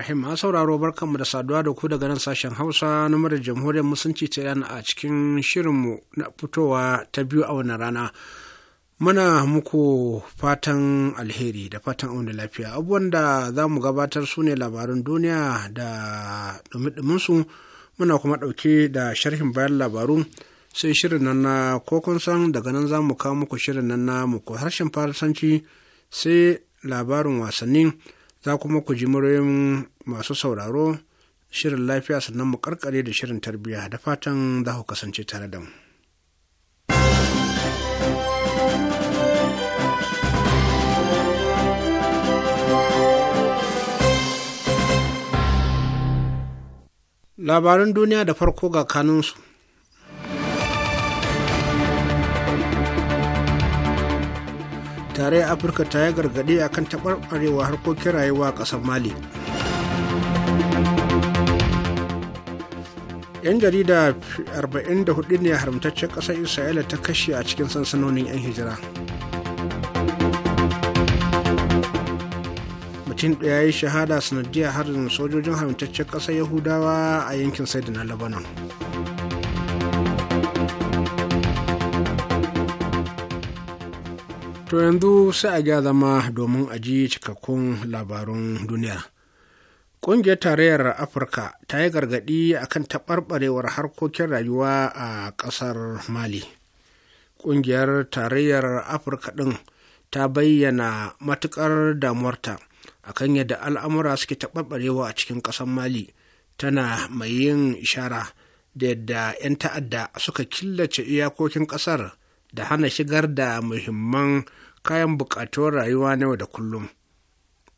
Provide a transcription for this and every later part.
Ibrahim a sauraro barkanmu da saduwa da ku daga nan sashen Hausa na murar jamhuriyar musulunci ta yana a cikin shirinmu na fitowa ta biyu a wannan rana. Muna muku fatan alheri da fatan auna lafiya. Abubuwan da za mu gabatar su ne labarun duniya da dumi muna kuma ɗauke da sharhin bayan labaru sai shirin nan na kokon san daga nan za mu kawo muku shirin nan na muku harshen farasanci sai labarin wasannin za kuma ku ji muryoyin masu sauraro shirin lafiya sannan mu karkare da shirin tarbiyya da fatan za ku kasance tare da mu. Labaran duniya da farko ga kanunsu. tarayyar afirka ta yi gargaɗi kan taɓarɓarewa harkokin rayuwa a ƙasar mali 'yan jarida 44 ne haramtaccen ƙasar isra'ila ta kashe a cikin sansanonin 'yan hijira mutum ɗaya yi shahada sanadiyar harin sojojin haramtaccen ƙasar yahudawa a yankin sai na labanon To yanzu sai a ga zama domin a ji cikakkun labarun duniya. Ƙungiyar tarayyar Afirka ta yi gargaɗi a kan taɓarɓarewar harkokin rayuwa a ƙasar Mali. Ƙungiyar tarayyar Afirka ɗin ta bayyana matuƙar damuwarta a kan yadda al'amura suke taɓarɓarewa a cikin ƙasar Mali, tana mai yin ishara da yadda ‘yan ta'adda suka killace iyakokin ƙasar. da hana shigar da muhimman kayan bukatun rayuwa na yau da kullum.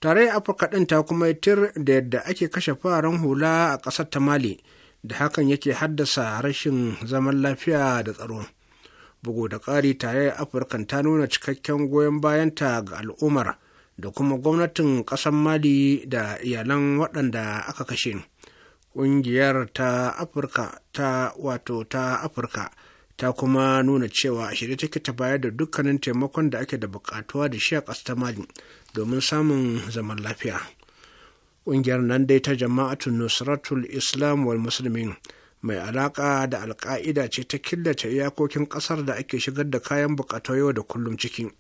Tarayyar Afirka ɗin ta kuma yi tir da yadda ake kashe faran hula a ƙasar ta Mali da hakan yake haddasa rashin zaman lafiya da tsaro. Bugu da ƙari tarayyar Afirka ta nuna cikakken goyon bayanta ga al'ummar da kuma gwamnatin ƙasar Mali da iyalan waɗanda aka kashe. Ƙungiyar ta Afirka ta wato ta Afirka. ta kuma nuna cewa a shirye take ta bayar da dukkanin taimakon da ake da bukatuwa da shi a ƙasar mali domin samun zaman lafiya ƙungiyar nan dai ta jama'atu nusratul islam wal muslimin mai alaƙa da alƙa'ida ce ta killace iyakokin ƙasar da ake shigar da kayan bukatu yau da kullum ciki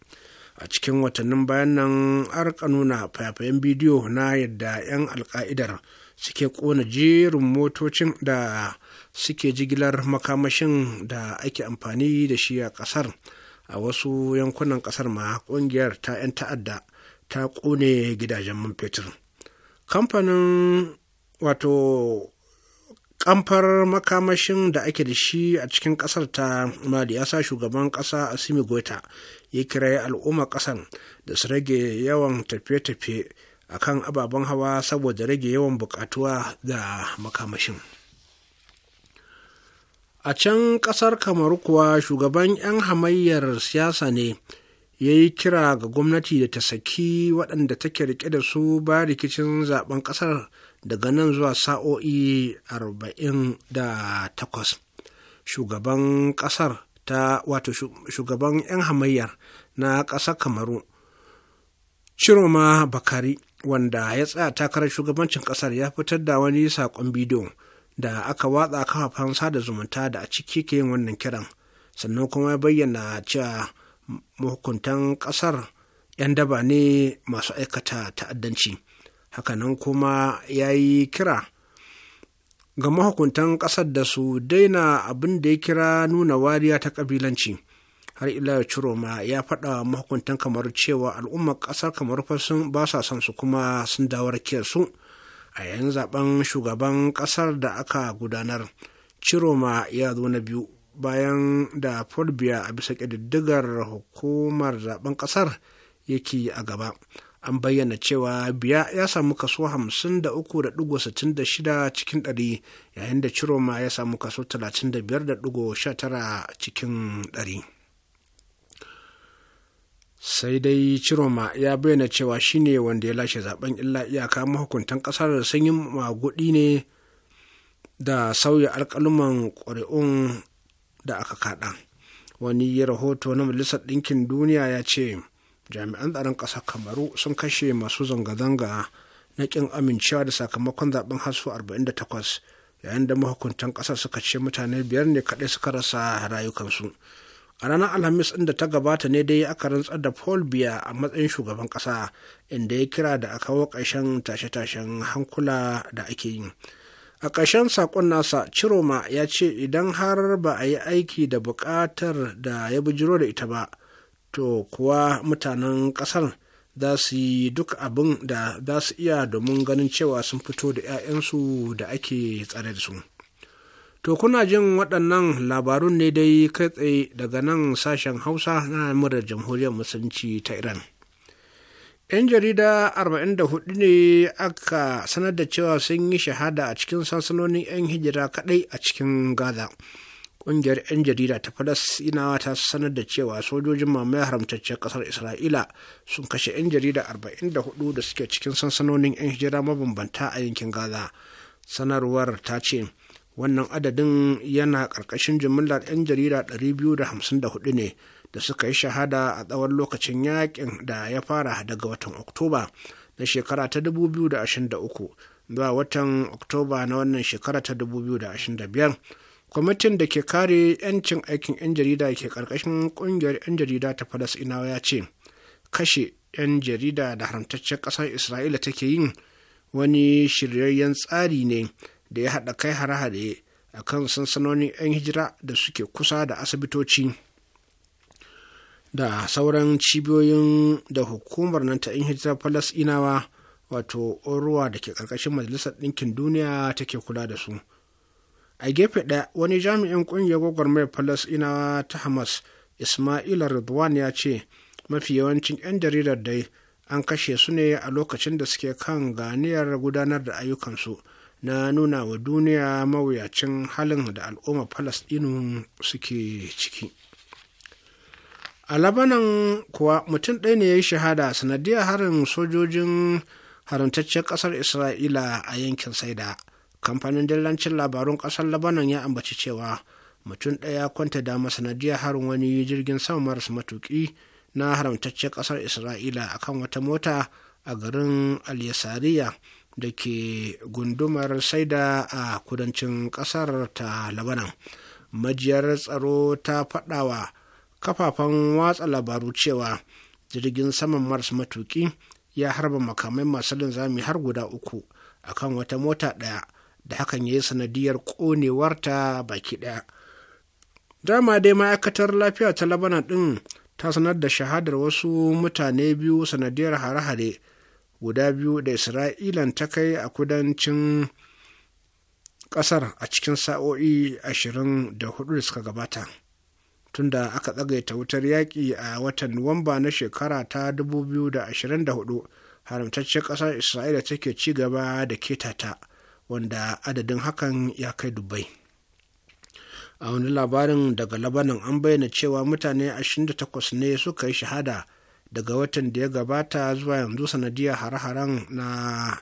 a cikin watannin bayan nan arka nuna fayafayen bidiyo na yadda 'yan alka'idar suke ƙona jerin motocin da suke jigilar makamashin da ake amfani da shi a ƙasar a wasu yankunan ƙasar ma ƙungiyar ta 'yan ta'adda ta ƙone gidajen man fetur kamfanin wato kamfar makamashin da ake da shi a cikin ƙasar ta mali ya sa shugaban ƙasa asimi goita ya kira al'umma ƙasar da su rage yawan tafiye-tafiye akan ababen hawa saboda rage yawan bukatuwa da makamashin. a can ƙasar kamar kuwa shugaban 'yan hamayyar siyasa ne ya yi kira ga gwamnati da ta saki waɗanda take rike da su ba rikicin zaben ƙasar daga nan zuwa sa'o'i 48 shugaban takwas ta wato shugaban 'yan hamayyar na ƙasar kamaru Ciroma Bakari wanda ya tsaya takarar shugabancin ƙasar ya fitar da wani saƙon bidiyo da aka watsa kafafen sada zumunta da a ciki ke yin wannan kiran sannan kuma ya bayyana cewa mahukuntan ƙasar 'yan daba ne masu aikata ta'addanci hakanan kuma ya yi kira ga mahukuntan ƙasar da su daina abin da ya kira nuna wariya ta kabilanci har ila ma ya faɗa mahukuntan kamar cewa al'ummar ƙasar kamar fa sun ba sa son su kuma sun dawar su a 'yan zaben shugaban kasar da aka gudanar ciroma ya zo na biyu bayan da Folbia a bisa ƙididdigar hukumar zaben kasar yake a gaba an bayyana cewa biya ya samu kaso 53.66 cikin 100 yayin da ciroma ya samu kaso 35.19 cikin ɗari. sai dai ciroma ya bayyana cewa shine wanda ya lashe zaben illa iyaka mahukuntan kasar da sanyin yi magudi ne da sauya alkaluman ƙuri'un da aka kaɗa wani rahoto na majalisar ɗinkin duniya ya ce jami'an tsaron ƙasar kamaru sun kashe masu zanga-zanga na ƙin amincewa da sakamakon zaben hasu 48 yayin da mahukuntan ƙasar suka ce mutane biyar ne kaɗai suka rasa rayukansu. a ranar alhamis inda da ta gabata ne dai aka rantsar da paul biya a matsayin shugaban kasa inda ya kira da a kawo ƙarshen tashe-tashen hankula da ake yi a ƙarshen saƙon nasa ciroma ya ce idan har ba a yi aiki da buƙatar da ya jiro da ita ba to kuwa mutanen ƙasar za su yi duk abin da za su iya domin ganin cewa sun fito da 'ya'yansu da ake tsare da su. To kuna jin waɗannan labarun ne dai kai tsaye daga nan sashen Hausa na murar jamhuriyar musulunci ta Iran. 'Yan jarida 44 ne aka sanar da cewa sun yi shahada a cikin sansanonin 'yan hijira kaɗai a cikin Gaza. Ƙungiyar 'yan jarida ta Falasɗinawa ta sanar da cewa sojojin mamaya haramtacciyar ƙasar Isra'ila sun kashe 'yan jarida 44 da suke cikin sansanonin 'yan hijira mabambanta a yankin Gaza. Sanarwar ta ce, wannan adadin yana ƙarƙashin jimillar 'yan jarida 254 ne da suka yi shahada a tsawon lokacin yakin da ya fara daga watan oktoba na shekara ta 2023 zuwa watan oktoba na wannan shekara ta 2025 kwamitin da ke kare 'yancin aikin 'yan jarida ke ƙarƙashin ƙungiyar 'yan jarida ta falasɗinawa ya ce kashe 'yan jarida da haramtaccen ƙasar isra'ila take yin wani shiryayyen tsari ne da ya haɗa kai hare-hare a kan sansanonin 'yan hijira da suke kusa da asibitoci da sauran cibiyoyin da hukumar nan ta 'yan hijirar inawa wato ruwa da ke ƙarƙashin majalisar ɗinkin duniya take kula da su a gefe ɗaya wani jami'in ƙungiyar gwagwarmayar falasinawa ta hamas ismaila ridwan ya ce mafi yawancin 'yan jaridar dai an kashe su ne a lokacin da suke kan ganiyar gudanar da ayyukansu na nuna wa duniya mawuyacin halin da al'ummar Falasɗinu suke ciki. A Labanan kuwa mutum ɗaya ne ya yi shahada sanadiyar harin sojojin haramtaccen ƙasar Isra'ila a yankin Saida. Kamfanin dillancin labarun ƙasar Labanan ya ambaci cewa mutum ɗaya ya kwanta dama sanadiyar harin wani jirgin sama maras matuki na haramtaccen ƙasar Isra'ila akan wata mota a garin al da ke gundumar saida a kudancin kasar ta labanan majiyar tsaro ta faɗawa kafafen watsa labaru cewa jirgin saman mars matuki ya harba makamai masu linzami har guda uku akan wata mota ɗaya da hakan ya yi sanadiyar ƙonewarta baki ɗaya dama dai ma'aikatar lafiya ta labanan ɗin ta sanar da shahadar wasu mutane biyu sanadiyar hare-hare guda biyu da isra'ilan ta kai a kudancin kasar a cikin sa'o'i ashirin da hudu da suka gabata tunda aka tsagaita wutar yaƙi a watan nuwamba na shekara ta 2024 haramtaccen ƙasar isra'ila take ci gaba da ketata wanda adadin hakan ya kai dubai a wani labarin daga labanin an bayyana cewa mutane 28 ne suka yi shahada daga watan da ya gabata zuwa yanzu sanadiyar hare-haren na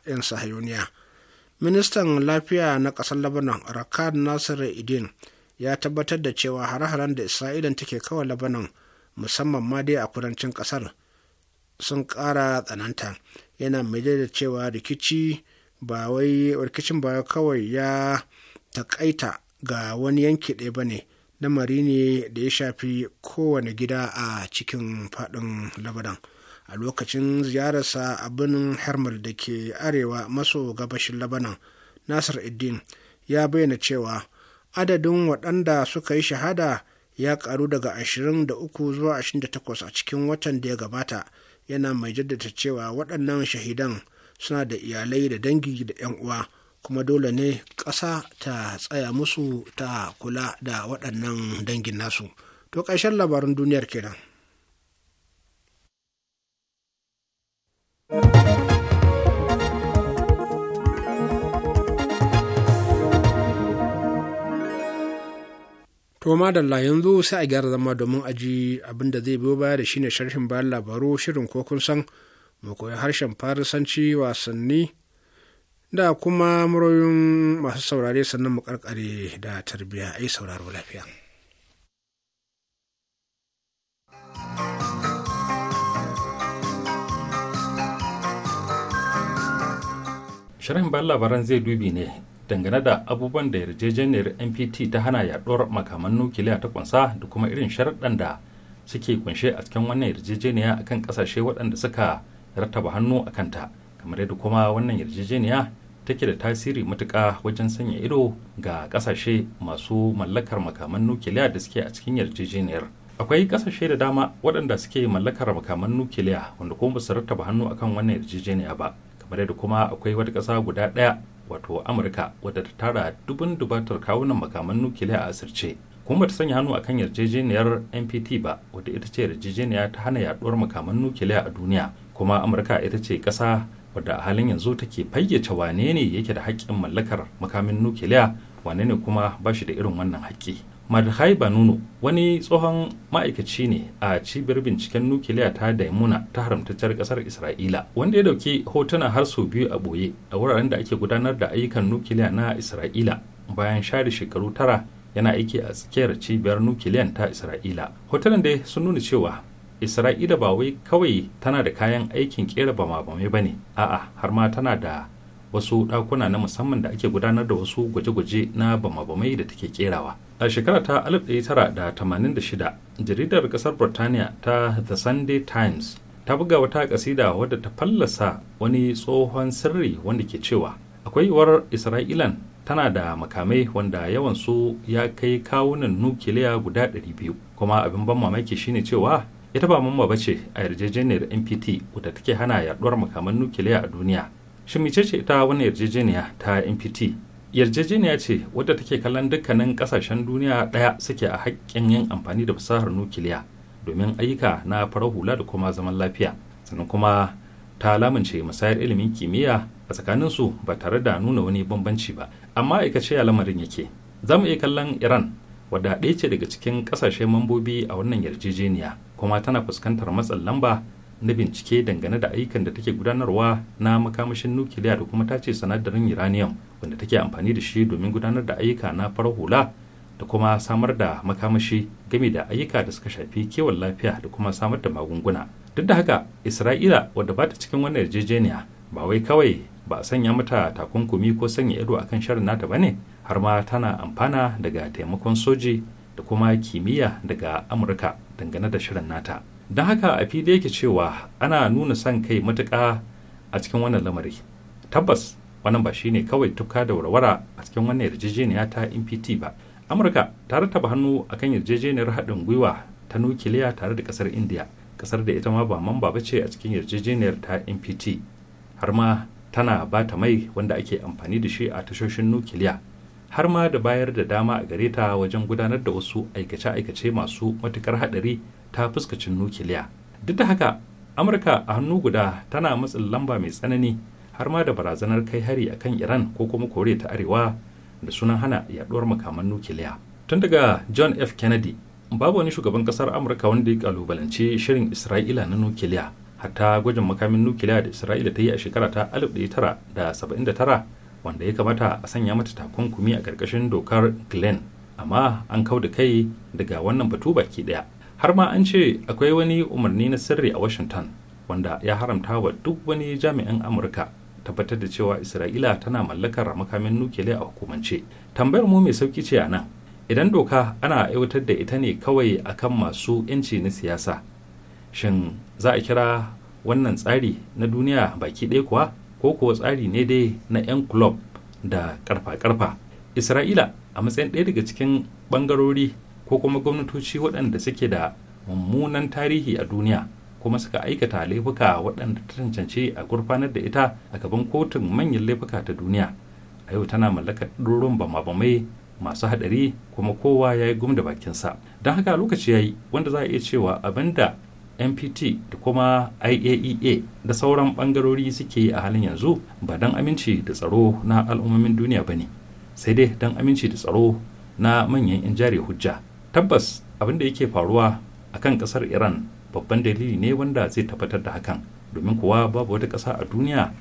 'yan sahayoniya ministan lafiya na ƙasar labanan rakan nasir idin ya tabbatar da cewa hare-haren da isra'ilan take kawai labanan musamman ma dai a kudancin ƙasar sun ƙara tsananta yana mai da cewa rikici ba wai rikicin ba kawai ya taƙaita ga wani yanki ɗaya ba ne lamari ne da ya shafi kowane gida a cikin faɗin labaran a lokacin ziyararsa a birnin hermal da ke arewa maso gabashin labanan nasir iddin ya bayyana cewa adadin waɗanda suka yi shahada ya karu daga 23 zuwa 28 a cikin watan da ya gabata yana mai jaddada cewa waɗannan shahidan suna da iyalai da dangi da 'yan uwa. kuma dole ne ƙasa ta tsaya musu ta kula da waɗannan dangin nasu to ƙarshen labarin duniyar kenan. To madalla yanzu sai a gyara zama domin aji abin da zai biyo baya da shine sharhin bayan labaru shirin ko kun san mu koyi harshen farisanci wasanni da kuma muroyin masu saurare sannan mu karkare da tarbiyya ai sauraro lafiya. Shirin bayan labaran zai dubi ne dangane da abubuwan da yarjejeniyar NPT ta hana yaduwar makaman nukiliya ta kunsa da kuma irin sharaɗan da suke kunshe a cikin wannan yarjejeniya akan ƙasashe waɗanda suka rattaba hannu a kanta kamar yadda kuma wannan yarjejeniya take da tasiri matuƙa wajen sanya ido ga ƙasashe masu mallakar makaman nukiliya da suke a cikin yarjejeniyar akwai ƙasashe da dama waɗanda suke mallakar makaman nukiliya wanda kuma basu su rattaba hannu akan wannan yarjejeniya ba kamar yadda kuma akwai wata ƙasa guda ɗaya wato amurka wadda ta tara dubin dubatar kawunan makaman nukiliya a asirce kuma bata sanya hannu akan yarjejeniyar npt ba wadda ita ce yarjejeniya ta hana yaduwar makaman nukiliya a duniya kuma amurka ita ce ƙasa wadda a halin yanzu take fayyace wane ne yake da haƙƙin mallakar makamin nukiliya wane ne kuma ba shi da irin wannan haƙƙi madhai banuno wani tsohon ma'aikaci ne a cibiyar binciken nukiliya ta daimuna ta haramtaccen ƙasar isra'ila wanda ya dauki hotuna har sau biyu a ɓoye a wuraren da ake gudanar da ayyukan nukiliya na isra'ila bayan share shekaru tara yana aiki a tsakiyar cibiyar nukiliyan ta isra'ila hotunan dai sun nuna cewa isra'ila ba wai kawai tana da kayan aikin kera bama bamai ba ne a'a har ma tana da wasu ɗakuna na musamman da ake gudanar da wasu gwaje-gwaje na bama-bamai da take kerawa a shekara ta 1986 jaridar ƙasar burtaniya ta the sunday times ta buga wata ƙasida wadda ta fallasa wani tsohon sirri wanda ke cewa akwai yiwuwar isra'ilan tana da makamai wanda yawansu ya kai kawunan nukiliya guda 200 kuma abin ban mamaki shine cewa ita ba mamma ba ce a yarjejeniyar npt wadda take hana yaduwar makaman nukiliya a duniya shin ce ita wani yarjejeniya ta npt yarjejeniya ce wadda take kallon dukkanin kasashen duniya daya suke a haƙƙin yin amfani da fasahar nukiliya domin ayyuka na farar hula da kuma zaman lafiya sannan kuma ta lamince musayar ilimin kimiyya a tsakaninsu ba tare da nuna wani bambanci ba amma aikace ya lamarin yake za mu iya kallon iran wadda ɗaya ce daga cikin ƙasashe mambobi a wannan yarjejeniya kuma tana fuskantar matsin lamba na bincike dangane da ayyukan da take gudanarwa na makamashin nukiliya da kuma tace sanadarin uranium wanda take amfani da shi domin gudanar da ayyuka na farar hula da kuma samar da makamashi game da ayyuka da suka shafi kewan lafiya da kuma samar da magunguna duk da haka isra'ila wadda ba ta cikin wannan yarjejeniya ba wai kawai ba a sanya mata takunkumi ko sanya ido akan sharin nata ba ne har ma tana amfana daga taimakon soji da kuma kimiyya daga amurka dangane da shirin nata don haka a fili yake cewa ana nuna son kai matuƙa a cikin wannan lamari tabbas wannan ba shi ne kawai tuka da warwara a cikin wannan yarjejeniya ta npt ba amurka ta rattaba hannu akan yarjejeniyar haɗin gwiwa ta nukiliya tare da ƙasar indiya ƙasar da ita ma ba mamba ba ce a cikin yarjejeniyar ta npt har ma tana ba ta mai wanda ake amfani da shi a tashoshin nukiliya har ma da bayar da dama a gare ta wajen gudanar da wasu aikace-aikace masu matukar hadari ta fuskacin nukiliya duk da haka amurka a hannu guda tana matsin lamba mai tsanani har ma da barazanar kai hari a kan iran ko kuma kore ta arewa da sunan hana yaduwar makaman nukiliya tun daga john f kennedy babu wani shugaban kasar amurka wanda ya kalubalance shirin isra'ila na nukiliya hatta gwajin makamin nukiliya da isra'ila ta yi a shekara ta 1979 wanda ya kamata a sanya mata takunkumi a ƙarƙashin dokar glen amma an kau da kai daga wannan batu baki ɗaya har ma an ce akwai wani umarni na sirri a washington wanda ya haramta wa duk wani jami'in amurka tabbatar da cewa isra'ila tana mallakar makamin nukiliya a hukumance tambayar mu mai sauki ce a nan idan doka ana aiwatar da ita ne kawai akan masu 'yanci na siyasa shin za a kira wannan tsari na duniya baki ɗaya kuwa ko kuwa tsari ne dai na 'yan kulob da karfa-karfa isra'ila a matsayin ɗaya daga cikin ɓangarori ko kuma gwamnatoci waɗanda suke da mummunan tarihi a duniya kuma suka aikata laifuka waɗanda ta cancanci a gurfanar da ita a gaban kotun manyan laifuka ta duniya a yau tana mallakar ɗorin bama-bamai masu haɗari kuma kowa ya yi gum bakinsa don haka lokaci ya yi wanda za a iya cewa abinda. npt da kuma iaea e da sauran bangarori suke yi a halin yanzu ba don aminci da tsaro na al'ummomin duniya ba ne sai dai don aminci da tsaro na manyan 'yan jari hujja tabbas abin da yake faruwa a kan kasar iran babban dalili ne wanda zai tabbatar da hakan domin kuwa babu wata kasa a duniya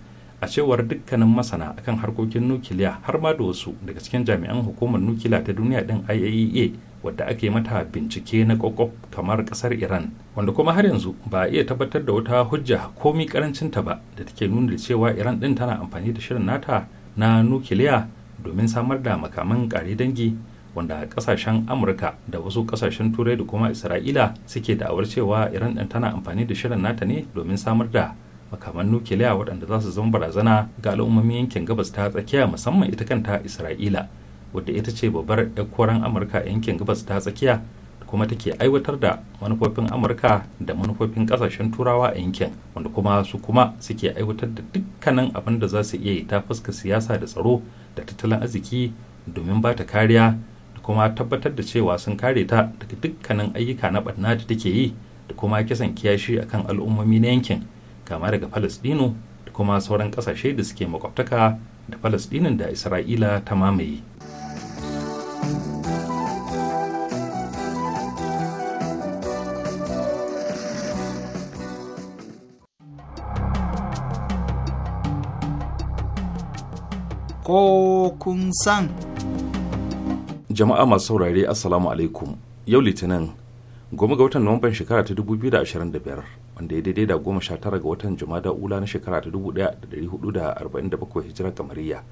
a cewar dukkanin masana akan harkokin nukiliya har ma da wasu daga cikin jami'an hukumar nukiliya ta duniya din iaea e wadda ake mata bincike na kokop kamar kasar iran wanda kuma har yanzu ba a iya tabbatar da wata hujja komi karancinta ba da take nuna cewa iran din tana amfani da shirin nata na nukiliya domin samar da makaman kare dangi wanda kasashen amurka da wasu kasashen turai da kuma isra'ila suke da'awar cewa iran din tana amfani da shirin nata ne domin samar da makaman nukiliya waɗanda za su zama barazana ga al'ummomin yankin gabas ta tsakiya musamman ita kanta isra'ila wadda ita ce babbar yakkoran amurka a yankin gabas ta tsakiya kuma take aiwatar da manufofin amurka da manufofin kasashen turawa a yankin wanda kuma su kuma suke aiwatar da dukkanin abin da za su iya yi ta fuska siyasa da tsaro da tattalin arziki domin ba ta kariya da kuma tabbatar da cewa sun kare ta daga dukkanin ayyuka na barna da take yi da kuma kisan kiyashi a kan al'ummomi na yankin kama daga falastino da kuma sauran kasashe da suke makwabtaka da falastinin da isra'ila ta mamaye. ko kun san. Jama'a masu saurare Assalamu alaikum yau Litinin goma ga watan Nuwamban shekara ta 2025 wanda ya daidai da goma sha tara ga watan Jumada Ula na shekara ta 1447 hijira kamariya.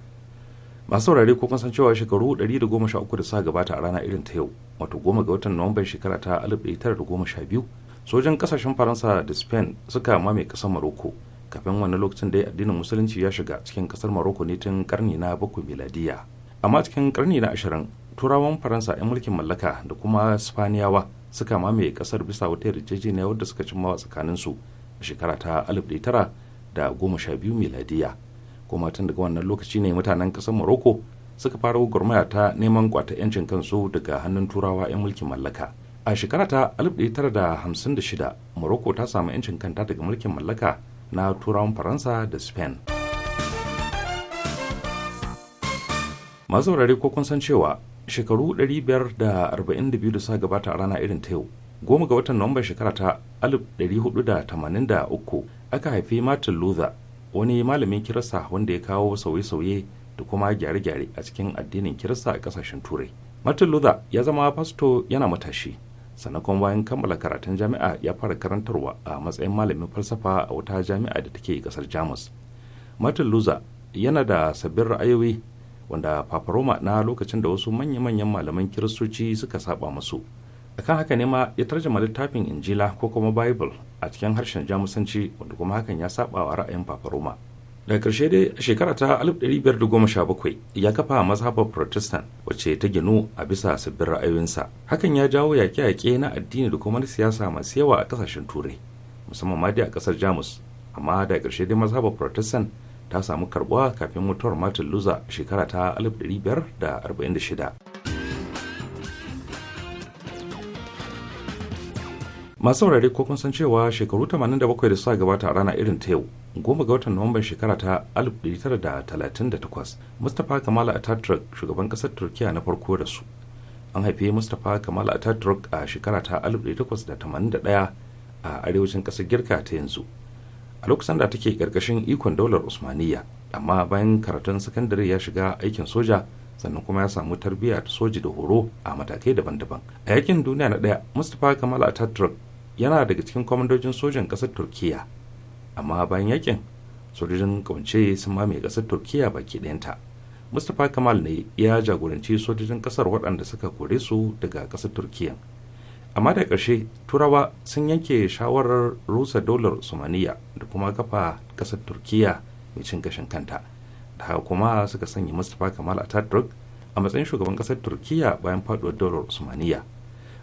Masu saurare ko kun san cewa shekaru 113 da sa gabata a rana irin ta yau wato goma ga watan Nuwamban shekara ta 1912 sojan kasashen Faransa da Spain suka mame kasar Morocco kafin wani lokacin da addinin musulunci ya shiga cikin kasar maroko ne tun karni na bakwai miladiya amma cikin karni na ashirin turawan faransa 'yan mulkin mallaka da kuma spaniyawa suka mamaye kasar bisa wata yarjejeniya wadda suka cimma tsakanin su a shekara ta biyu miladiya kuma tun daga wannan lokaci ne mutanen kasar maroko suka fara gwagwarmaya ta neman kwata 'yancin kansu daga hannun turawa 'yan mulkin mallaka a shekara ta 1956 maroko ta samu 'yancin kanta daga mulkin mallaka na turawan faransa da spain masu ko kun san cewa shekaru 542 da suka gabata a rana irin ta yau goma ga watan nuwamba shekara ta 1483 aka haifi martin luther wani malamin kirista wanda ya kawo sauye-sauye da kuma gyare-gyare a cikin addinin kirista a kasashen turai martin luther ya zama fasto yana matashi sanakon bayan kammala karatun jami'a ya fara karantarwa a matsayin malamin falsafa a wata jami'a da take kasar jamus martin luther yana da sabbin ra'ayoyi wanda paparoma na lokacin da wasu manya-manyan malaman kiristoci suka saba musu akan haka ne ma ya tarjama littafin injila ko kuma bible a cikin harshen jamusanci wanda kuma hakan ya saba wa ra'ayin roma daga ƙarshe dai shekara ta 1517 ya kafa mazhabar protestant wacce ta ginu a bisa sabbin ra'ayoyinsa hakan ya jawo yaƙe-yaƙe na addini da kuma na siyasa masu yawa a kasashen turai musamman ma dai a kasar jamus amma daga karshe dai mazhabar protestant ta samu karbuwa kafin mutuwar martin luther shekara ta 1546 masu saurare ko kun san cewa shekaru 87 da suka gabata a rana irin ta yau goma ga watan nuwamban shekara ta 1938 mustapha kamal ataturk shugaban kasar turkiya na farko da su an haife mustapha kamal ataturk a shekara ta 1881 a arewacin kasar girka ta yanzu a lokacin da take karkashin ikon daular usmaniya amma bayan karatun sakandare ya shiga aikin soja sannan kuma ya samu tarbiyya ta soji da horo a matakai daban-daban a yakin duniya na daya mustapha kamal ataturk yana daga cikin kwamandojin sojan kasar turkiya amma bayan yakin sojojin kawance sun mamaye kasar turkiya baki ɗayanta mustapha kamal ne ya jagoranci sojojin kasar waɗanda suka kore su daga kasar turkiya amma da ƙarshe turawa sun yanke shawarar rusa dolar somaniya da kuma kafa kasar turkiya mai cin gashin kanta da haka kuma suka sanya mustapha kamal a ataturk a matsayin shugaban kasar turkiya bayan faduwar dolar somaniya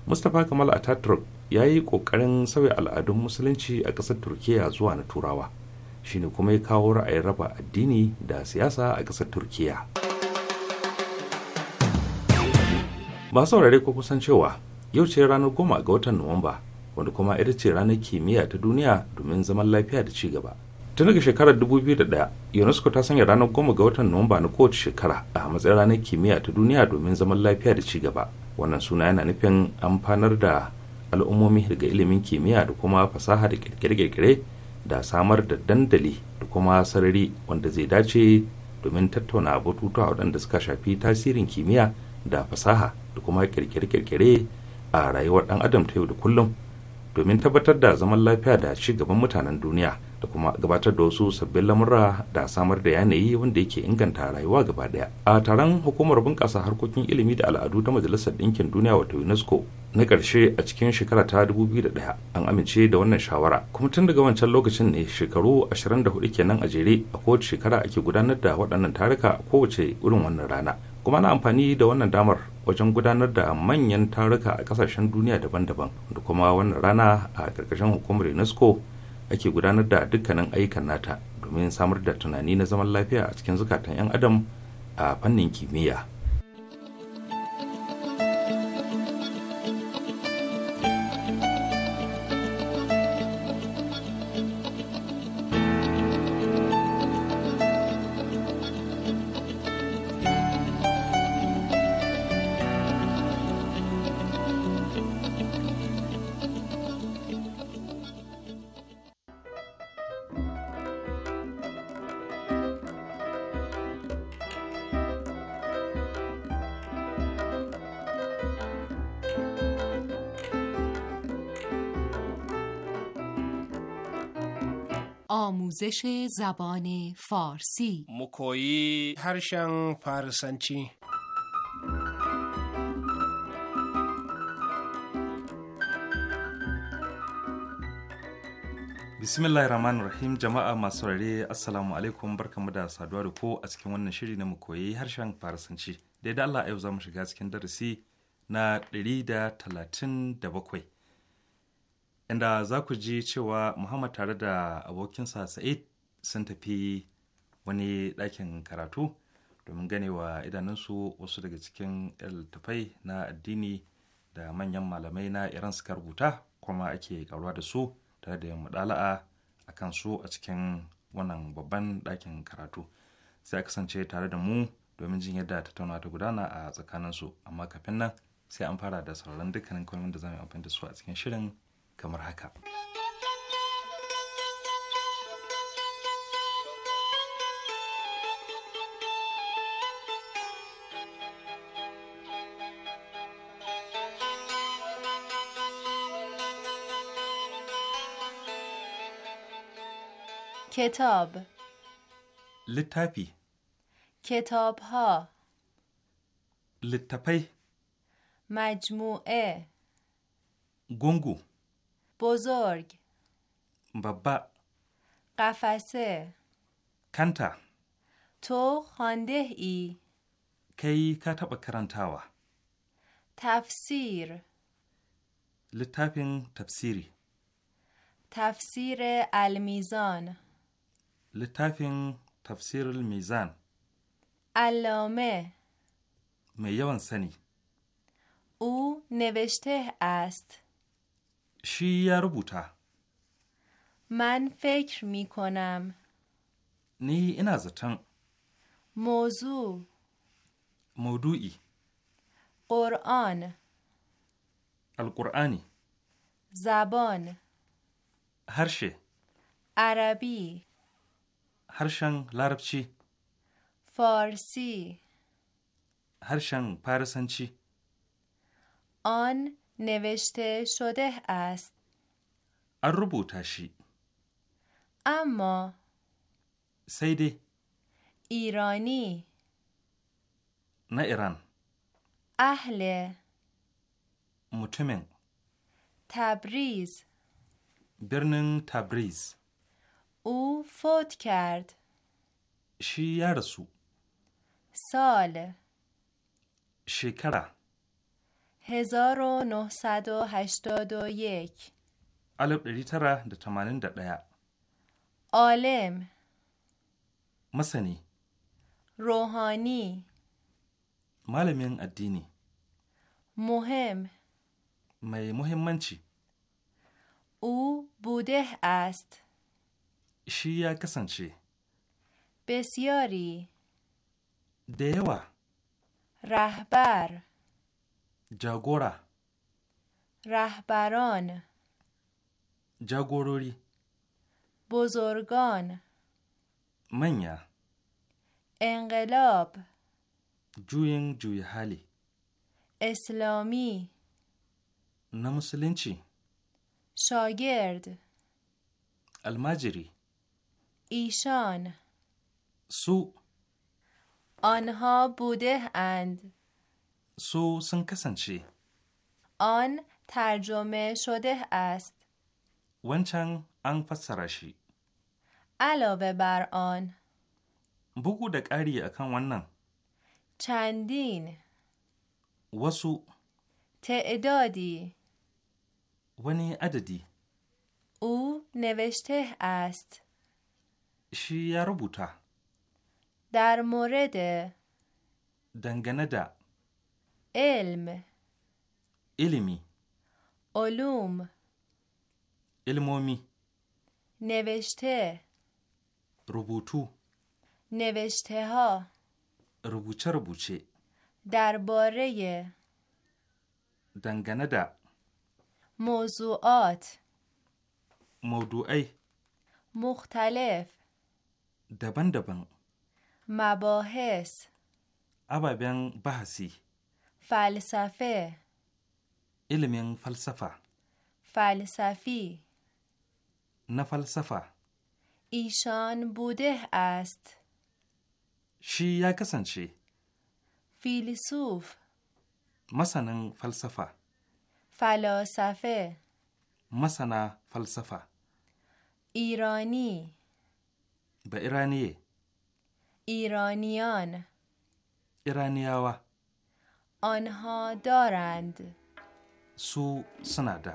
mustapha kamal ataturk ya yi kokarin sauya al'adun musulunci a ƙasar turkiya zuwa na turawa shi ne kuma ya kawo ra'ayin raba addini da siyasa a ƙasar turkiya masu saurare ko kusan cewa yau ce ranar goma ga watan nuwamba wanda kuma ita ce ranar kimiyya ta duniya domin zaman lafiya da ci gaba tun daga shekarar 2001 unesco ta sanya ranar goma ga watan nuwamba na kowace shekara a matsayin ranar kimiyya ta duniya domin zaman lafiya da ci gaba wannan suna yana nufin amfanar da al'ummomi daga ilimin kimiyya da kuma fasaha da kirkire-kirkire da samar da dandali da kuma sarari wanda zai dace domin tattauna batutuwa waɗanda suka shafi tasirin kimiyya da fasaha da kuma kirkire-kirkire a rayuwar ɗan adam ta yau da kullum domin tabbatar da zaman lafiya da ci gaban mutanen duniya da kuma gabatar da wasu sabbin lamura da samar da yanayi wanda yake inganta rayuwa gaba daya a taron hukumar bunƙasa harkokin ilimi da al'adu ta majalisar ɗinkin duniya wato unesco na ƙarshe a cikin shekara ta 2001 an amince da wannan shawara kuma tun daga wancan lokacin ne shekaru ashirin da 24 kenan a jere a kowace shekara ake gudanar da waɗannan taruka kowace irin wannan rana kuma na amfani da wannan damar wajen gudanar da manyan taruka a kasashen duniya daban-daban da kuma wannan rana a ƙarƙashin hukumar unesco ake gudanar da dukkanin ayyukan nata domin samar da tunani na zaman lafiya a cikin zukatan 'yan adam a fannin kimiyya آموزش زبان فارسی مکویی هرشن فارسنچی bismillahir rahmanir rahim jama'a masu saurare assalamu alaikum barkamu da saduwa da ko a cikin wannan shiri na koyi harshen farasanci da Allah yau za mu shiga cikin darasi na 137 inda za ku ji cewa Muhammad tare da abokinsa Sa'id sun tafi wani ɗakin karatu domin ganewa idanunsu wasu daga cikin littattafai na addini da manyan malamai na Iran suka rubuta kuma ake karuwa da su tare da muɗala'a a kan su a cikin wannan babban ɗakin karatu sai a kasance tare da mu domin jin yadda tattauna ta gudana a tsakaninsu amma kafin nan sai an fara da sauran dukkanin kalmomin da za mu amfani da su a cikin shirin كمرحكا کتاب لطپی کتاب ها لطپی مجموعه گنگو بزرگ بابا قفسه کانتا تو خانده ای کی کتب و تفسیر لطفین تفسیری تفسیر المیزان لطفین تفسیر المیزان علامه میوان سنی او نوشته است شی یا ربوتا من فکر می کنم نی اینا زتن موضوع موضوعی قرآن القرآنی زبان هرشه عربی هرشن لاربچی فارسی هرشن پارسنچی آن نوشته شده است ان اما سیدی ایرانی نه ایران اهل متمن تبریز برنن تبریز او فوت کرد شیرسو سال شکره 1981 الف دری ترا دا تمانین دا دیا عالم مسنی روحانی معلمین ادینی مهم می مهمنچی او بوده است شی یا کسنچه بسیاری دیوا رهبر جاگورا رهبران جاگوروری بزرگان منیا انقلاب جوین جوی حالی اسلامی نمسلنچی شاگرد المجری ایشان سو آنها بوده اند سو سن کسنچی آن ترجمه شده است ونچن ان فسرشی علاوه بر آن بگو دکاری اکن ونن چندین وسو تعدادی ونی عددی او نوشته است شی یا ربوتا در مورد دنگنه دا علم علمی علوم علمومی نوشته روبوتو نوشته ها روبوچه روبوچه درباره دنگنه موضوعات موضوعی مختلف دبن دبن مباحث ابابن بحثی falsafe ilimin falsafa falsafi na falsafa ishan bude ast shi ya kasance filisuf masanin falsafa falosafe. masana falsafa irani ba iraniye iraniyan iraniyawa آنها دارند سو سنادا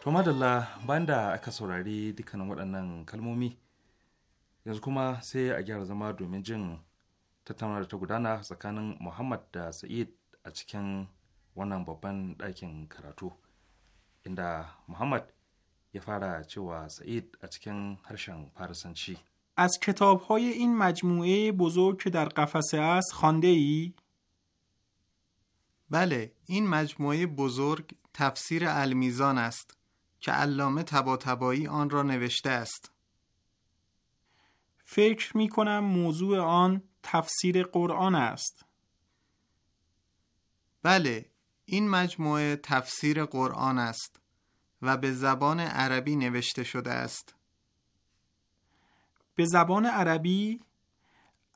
To madalla banda aka saurari dukkanin waɗannan kalmomi yanzu kuma sai a gyara zama domin jin tattaunawar ta gudana tsakanin muhammad da sa'id a cikin wannan babban ɗakin karatu inda muhammad ya fara cewa sa'id a cikin harshen farisanci از کتاب های این مجموعه بزرگ که در قفسه است خانده ای؟ بله، این مجموعه بزرگ تفسیر المیزان است که علامه تبا تباتبایی آن را نوشته است. فکر می کنم موضوع آن تفسیر قرآن است بله این مجموعه تفسیر قرآن است و به زبان عربی نوشته شده است به زبان عربی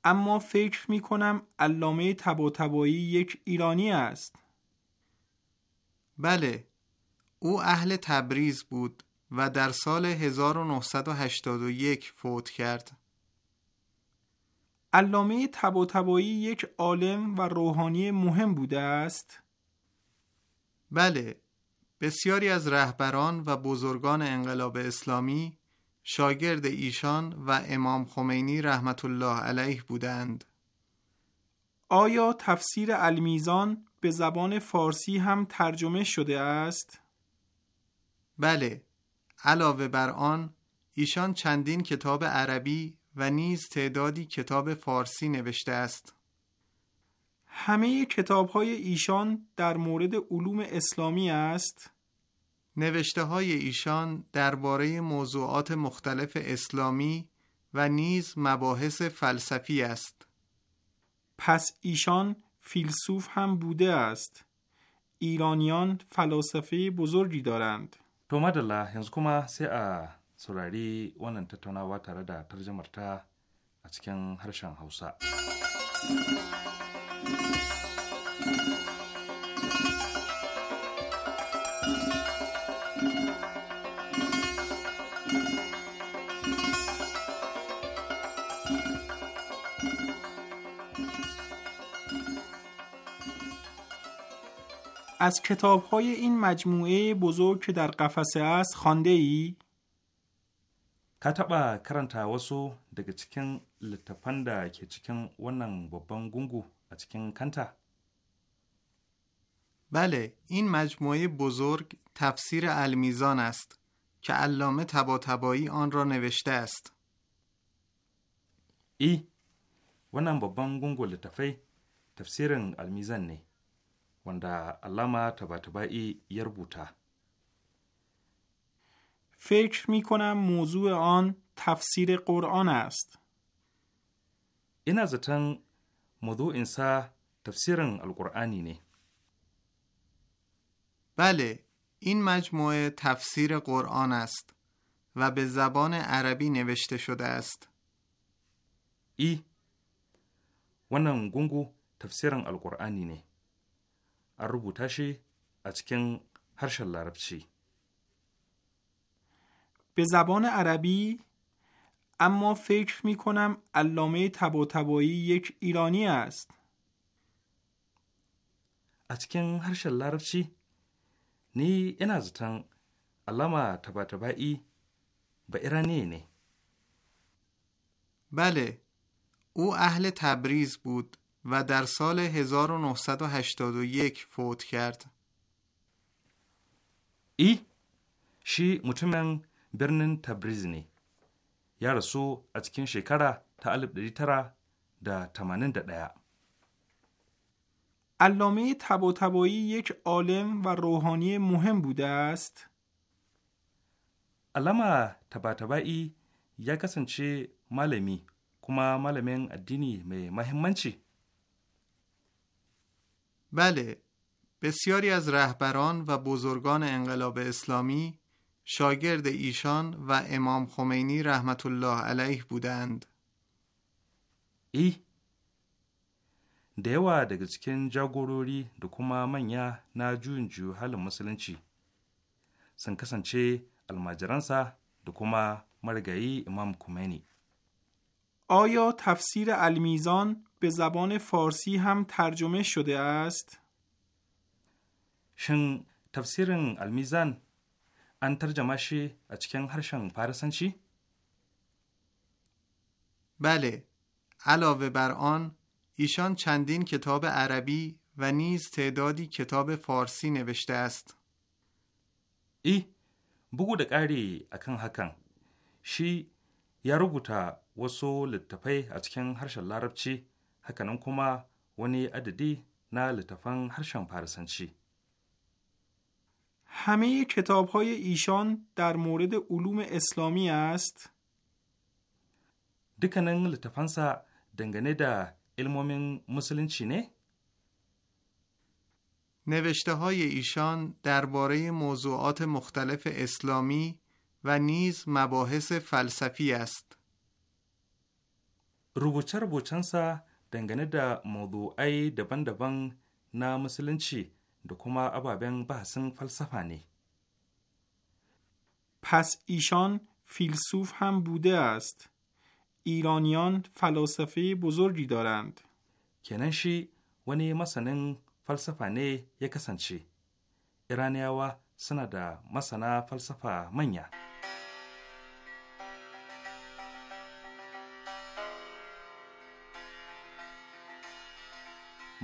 اما فکر می کنم علامه تبا یک ایرانی است بله او اهل تبریز بود و در سال 1981 فوت کرد علامه طب یک عالم و روحانی مهم بوده است؟ بله، بسیاری از رهبران و بزرگان انقلاب اسلامی شاگرد ایشان و امام خمینی رحمت الله علیه بودند. آیا تفسیر المیزان به زبان فارسی هم ترجمه شده است؟ بله، علاوه بر آن ایشان چندین کتاب عربی و نیز تعدادی کتاب فارسی نوشته است. همه کتاب های ایشان در مورد علوم اسلامی است؟ نوشته های ایشان درباره موضوعات مختلف اسلامی و نیز مباحث فلسفی است. پس ایشان فیلسوف هم بوده است. ایرانیان فلاسفه بزرگی دارند. تو مدلا saurari wannan tattaunawa tare da tarjamarta a cikin harshen hausa از کتاب های این مجموعه بزرگ که در قفسه است خانده ای؟ ka taɓa karanta wasu daga cikin littattafan da ke cikin wannan babban gungu a cikin kanta Bale این مجموعه بزرگ تفسیر المیزان است که علامه طباطبایی آن را نوشته است ای wannan babban gungun littafai tafsirin almizan ne wanda allama tabatabai ya rubuta فکر می کنم موضوع آن تفسیر قرآن است. این از موضوع انسا تفسیر القرآنی نه. بله، این مجموعه تفسیر قرآن است و به زبان عربی نوشته شده است. ای ونن گونگو تفسیر القرآنی نه؟ an هرشل عربشی. به زبان عربی اما فکر می کنم علامه تبا یک ایرانی است. a cikin harshen نی ni ina علامه alama taba-taba'i به ایرانی بله او اهل تبریز بود و در سال 1981 فوت کرد ای شی مطمئن برنن تبریز ne. یا رسو از cikin shekara ta الب در علامه تبا یک عالم و روحانی مهم بوده است علامه تبا طبعی یا کسنچه معلمی کما معلمین ادینی می مهمنچی بله بسیاری از رهبران و بزرگان انقلاب اسلامی شاگرد ایشان و امام خمینی رحمت الله علیه بودند. ای da yawa daga cikin jagorori da kuma manya na juyin juyu halin musulunci sun kasance almajiransa da kuma marigayi imam آیا تفسیر المیزان به زبان فارسی هم ترجمه شده است؟ شن تفسیر المیزان an tarjama shi a cikin harshen Farisanci? Bale علاوه بر آن ایشان چندین کتاب عربی و نیز تعدادی کتاب فارسی نوشته است ای بگو da ƙari akan hakan shi ya rubuta wasu littafai a cikin harshen larabci hakanan kuma wani adadi na littafan harshen farisanci همه کتاب های ایشان در مورد علوم اسلامی است؟ دکنن لطفانسا دنگنه دا علمومن مسلم چینه؟ نوشته های ایشان درباره موضوعات مختلف اسلامی و نیز مباحث فلسفی است. روبوچه روبوچنسا دنگنه دا موضوعی دبن دبن نا مسلم چی؟ da kuma ababen basin falsafa ne. Pas ishan filsuf ham Kenan shi wani masanin falsafa ne ya kasance. Iraniyawa suna da masana falsafa manya.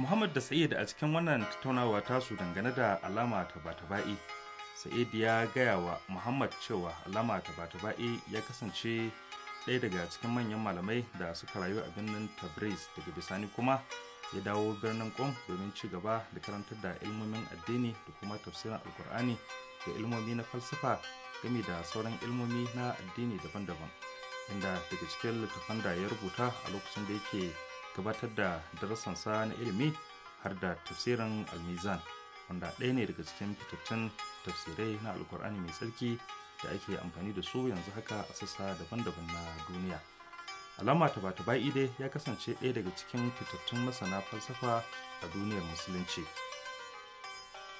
muhammad da sa'id a cikin wannan tattaunawa tasu dangane da alama ta bata-ba'i sa'id ya gaya wa muhammad cewa alama ta bata-ba'i ya kasance ɗaya daga cikin manyan malamai da suka rayu a birnin tabriz daga bisani kuma ya dawo birnin ƙom domin ci gaba da karantar da ilmomin addini da kuma tafsirin alkur'ani da ilmomi na falsafa game da sauran ilmomi na addini daban-daban inda daga cikin littattafan da ya rubuta a lokacin da yake gabatar da darasansa na ilimi har da tafsirin almizan wanda ɗaya ne daga cikin fitattun tafsirai na alkur'ani mai tsarki da ake amfani da su yanzu haka a sassa daban-daban na duniya alama ta bata bai dai ya kasance ɗaya daga cikin fitattun masana falsafa a duniyar musulunci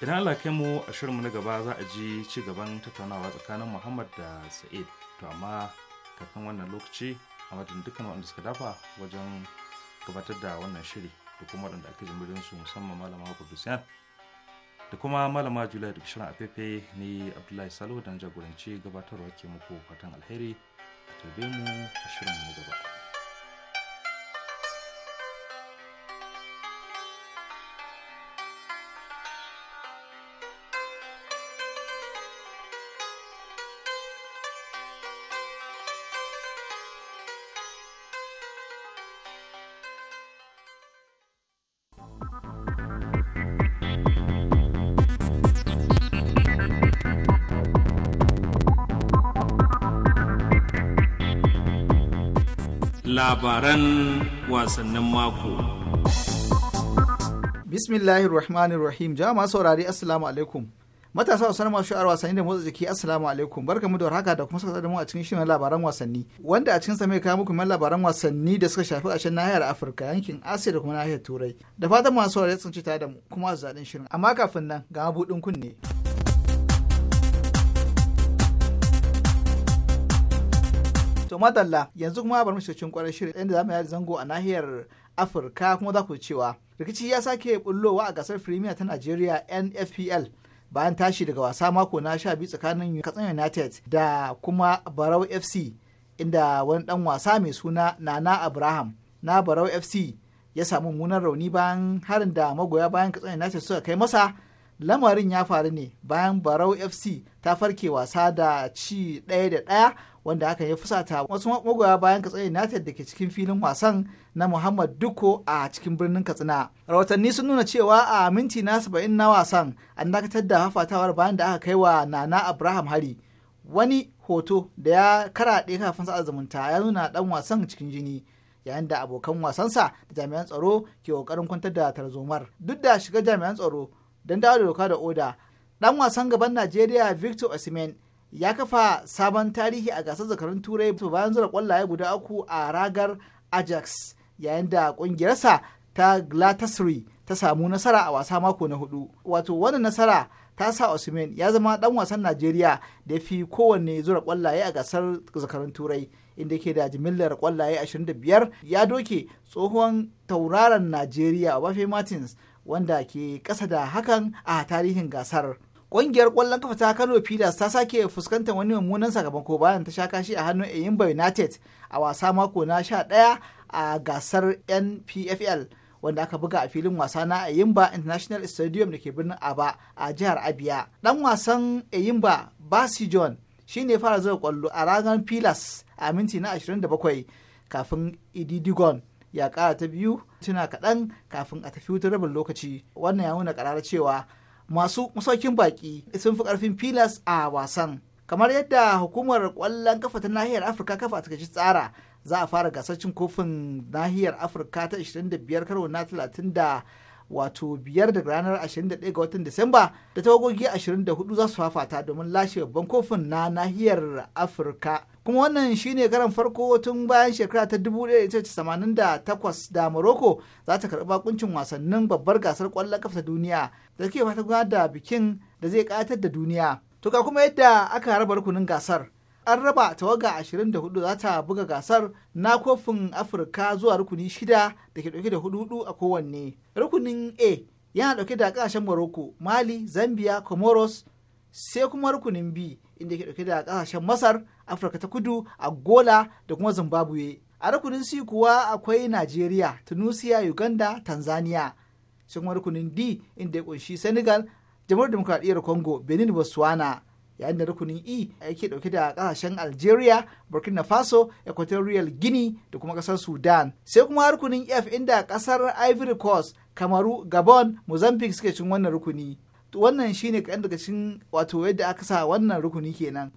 idan allah kai mu a shirinmu na gaba za a ji ci gaban tattaunawa tsakanin muhammad da sa'id to amma kafin wannan lokaci a madadin dukkan waɗanda suka dafa wajen gabatar da wannan shiri da kuma waɗanda aka ji su musamman malama kudusiyan da kuma malama julia da shirin afefe ne abdullahi salo don jagoranci gabatarwa ke muku fatan alheri a tarbe mu a shirin mu gaba. labaran wasannin mako. Bismillahirrahmanirrahim Rahmanir Rahim. saurari Assalamu alaikum. Matasa wasan masu a wasanni da motsa jiki Assalamu alaikum. Barkamu da warhaka da kuma saka da mu a cikin shirin labaran wasanni. Wanda a cikin sa mai kawo muku labaran wasanni da suka shafi ashen nahiyar Afirka, yankin Asiya da kuma nahiyar Turai. Da fatan masu saurari sun ci da mu kuma a zaɗin shirin. Amma kafin nan ga buɗin kunne. To madalla yanzu kuma bar mu cikin kwarar shirin inda zamu yi zango a nahiyar Afirka kuma za ku cewa rikici ya sake bullowa a gasar Premier ta Najeriya NFPL bayan tashi daga wasa mako na sha biyu tsakanin Katsina United da kuma Barau FC inda wani dan wasa mai suna Nana Abraham na Barau FC ya samu munar rauni bayan harin da magoya bayan Katsina United suka kai masa lamarin ya faru ne bayan Barau FC ta farke wasa da ci daya da ɗaya wanda hakan ya fusata wasu magoya bayan katsina united da ke cikin filin wasan na muhammad duko a cikin birnin katsina rahotanni sun nuna cewa a minti na saba'in na wasan an dakatar da hafatawar bayan da aka kai wa nana abraham hari wani hoto da ya kara ɗaya kafin sa'a zumunta ya nuna dan wasan cikin jini yayin da abokan wasansa da jami'an tsaro ke kokarin kwantar da tarzomar duk da shiga jami'an tsaro don dawo da doka da oda dan wasan gaban najeriya victor osimhen ya kafa sabon tarihi a gasar zakarun turai bayan zura kwallaye guda uku a ragar ajax yayin da ƙungiyarsa ta glatasri ta samu nasara a wasa mako na hudu wato wannan nasara ta sa Osimhen ya zama dan wasan Najeriya da fi kowanne zura kwallaye a gasar zakarun Turai inda ke da jimillar kwallaye 25 ya doke tsohon tauraron Najeriya Obafemi Martins wanda ke kasa da hakan a tarihin gasar. Ƙungiyar ƙwallon kafa ta Kano Pilas ta sake fuskantar wani mummunan sakamako bayan ta sha kashi a hannun Eyimba United a wasa mako na sha ɗaya a gasar NPFL wanda aka buga a filin wasa na Eyimba International Stadium da ke birnin Aba a jihar Abia. Ɗan wasan Eyimba Basi John shi ne fara zuwa ƙwallo a ragan Pilas a minti na 27 kafin Ididigon ya kara ta biyu tuna kaɗan kafin a tafi wutar rabin lokaci. Wannan ya nuna karara cewa masu masaukin baki sun fi karfin filas a wasan kamar yadda hukumar kwallon kafa ta nahiyar afirka kafa a takaici tsara za a fara gasar cin kofin nahiyar afirka ta 25 karo na 30 da wato biyar daga ranar 21 ga watan disamba da tawagogi 24 za su fafata domin lashe babban kofin na nahiyar afirka kuma wannan shine karan farko tun bayan shekara ta 1988 da morocco za ta karɓi bakuncin wasannin babbar gasar ƙwallon kafa ta duniya da ke fata gudanar da bikin da zai ƙayatar da duniya to ga kuma yadda aka raba rukunin gasar an raba tawaga 24 za ta buga gasar na kofin afirka zuwa rukuni shida da ke ɗauke da hudu a kowanne rukunin a yana ɗauke da kasashen morocco mali zambia comoros sai kuma rukunin b inda yake dauke da kasashen masar afirka ta kudu angola da kuma zimbabwe a rukunin c kuwa akwai nigeria tunisia uganda tanzania sai kuma rukunin d inda ya kunshi senegal jamhuriyar demokradiyyar congo benin botswana yayin da rukunin e yake dauke da kasashen algeria burkina faso equatorial guinea da kuma kasar sudan sai kuma rukunin f inda kasar ivory coast kamaru gabon mozambique suke cin wannan rukuni wannan shine kaɗan daga cikin wato yadda aka sa wannan rukuni kenan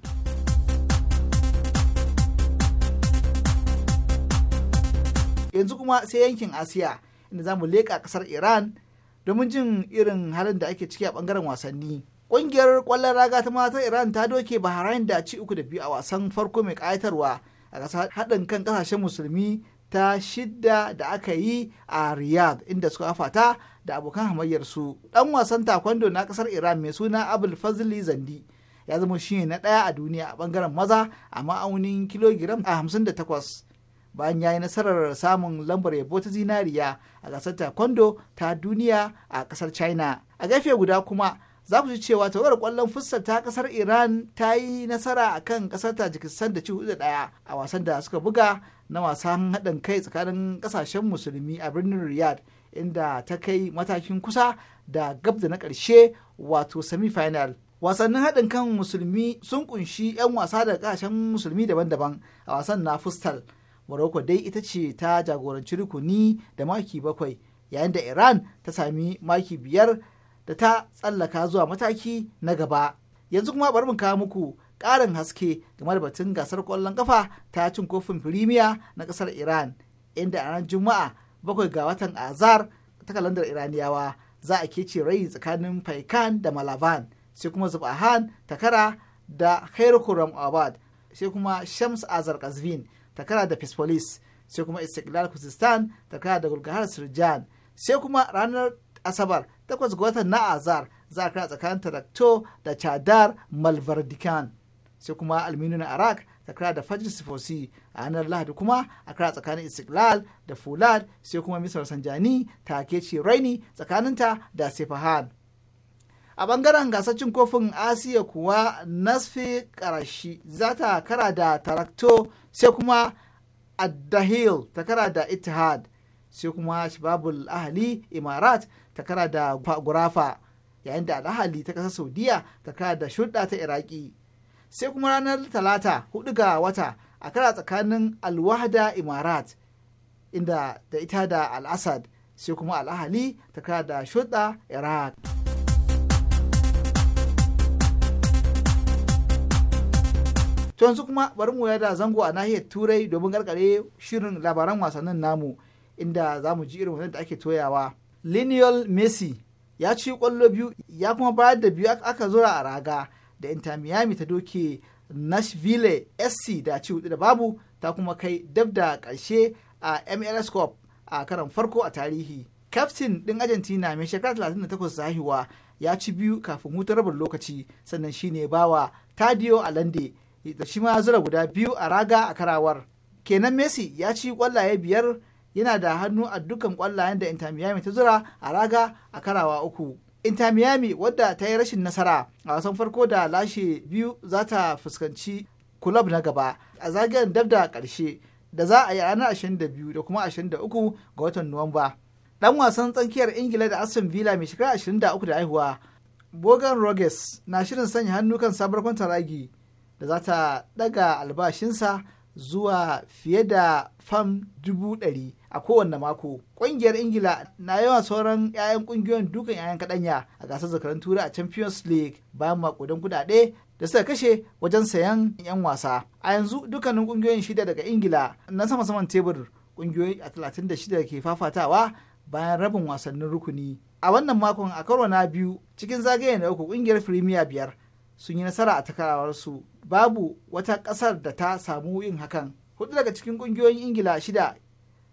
yanzu kuma sai yankin asiya inda za mu leƙa ƙasar iran domin jin irin halin da ake ciki a ɓangaren wasanni ƙungiyar ƙwallon raga ta mata iran ta doke bahrain da ci uku da biyu a wasan farko mai ƙayatarwa a ƙasar haɗin kan ƙasashen musulmi ta shidda da aka yi a riyadh inda suka fata da abokan hamayyarsu. su dan wasan takwando na kasar iran mai suna abul fazli zandi ya zama shi na daya a duniya a bangaren maza a ma'aunin kilogiram a hamsin da takwas bayan ya yi nasarar samun lambar yabo ta zinariya a gasar takwando ta duniya a kasar china a gefe guda kuma za ku ji cewa tawagar kwallon futsal ta kasar iran ta yi nasara a kan kasar tajikistan da ci hudu daya a wasan da suka buga na wasan haɗin kai tsakanin ƙasashen musulmi a birnin riyadh inda ta kai matakin kusa da gab da na ƙarshe wato semi-final wasannin haɗin kan musulmi sun kunshi 'yan wasa da ƙasashen musulmi daban-daban a wasan na fustal morocco dai ita ce ta jagoranci rukuni da maki bakwai yayin da iran ta sami maki biyar da ta tsallaka zuwa mataki na gaba yanzu kuma bari mu kawo muku ƙarin haske game da batun gasar kwallon ƙafa ta cin kofin firimiya na ƙasar iran inda a juma'a bakwai ga watan azar ta kalandar iraniyawa za a kece rai tsakanin faikan da malavan sai kuma zubahan takara da khairu abad sai kuma shams azar kazvin takara da fesfolis sai kuma istiklal kuzistan takara da gulgahar sirjan sai kuma ranar asabar takwas ga watan na azar za a kira tsakanin tarakto da chadar malvardikan sai kuma na arak takara da fajr sifosi a ranar lahadi kuma a kara tsakanin istiklal da fulad sai kuma misar sanjani ta keci raini tsakaninta da sefahan a bangaren gasar cin kofin asiya kuwa nasfi karashi za ta kara da tarakto sai kuma addahil ta kara da Itihad, sai kuma shibabul ahali imarat ta kara da gurafa yayin da al'ahali ta kasar saudiya ta kara da shudda ta iraki sai kuma ranar talata hudu ga wata a kara tsakanin alwahda imarat inda da ita da al-assad sai kuma al'ahali ta kara da shuɗa iraq to yanzu kuma bari mu da zango a nahiyar turai domin karkare shirin labaran wasannin namu inda za mu ji irin da ake toyawa lineal messi ya ci kwallo biyu ya kuma bayar da biyu aka zura a raga da inter miami ta doke nashville sc da ci hudu da babu ta kuma kai dab da ƙarshe a mls cup a karan farko a tarihi kaftin ɗin argentina mai shekara 38 zahiwa ya ci biyu kafin hutun rabin lokaci sannan shine bawa tadio alande da shi ma zura guda biyu a raga a karawar kenan messi ya ci kwallaye biyar yana da hannu a dukkan kwallayen da inter miami ta zura a raga a karawa uku inter miami wadda ta yi rashin nasara a wasan farko da lashe biyu za ta fuskanci kulob na gaba a zagayen dabda da karshe da za a yi ranar 22 da kuma 23 ga watan nuwamba dan wasan tsankiyar ingila da aston villa mai shekara 23 da haihuwa bogan rogers na shirin sanya hannu kan sabar ragi da za ta daga albashinsa zuwa fiye da fam dubu ɗari a kowanne mako. Ƙungiyar Ingila na yawan sauran 'ya'yan ƙungiyoyin dukan 'ya'yan kaɗanya a gasar zakarun turai a Champions League bayan makudan kuɗaɗe da suka kashe wajen sayan 'yan wasa. A yanzu dukkanin ƙungiyoyin shida daga Ingila na sama saman tebur ƙungiyoyi a talatin da shida ke fafatawa bayan rabin wasannin rukuni. A wannan makon a karo na biyu cikin zagaye na uku ƙungiyar Firimiya biyar sun yi nasara a su. babu wata ƙasar da ta samu yin hakan hudu daga cikin ƙungiyoyin ingila shida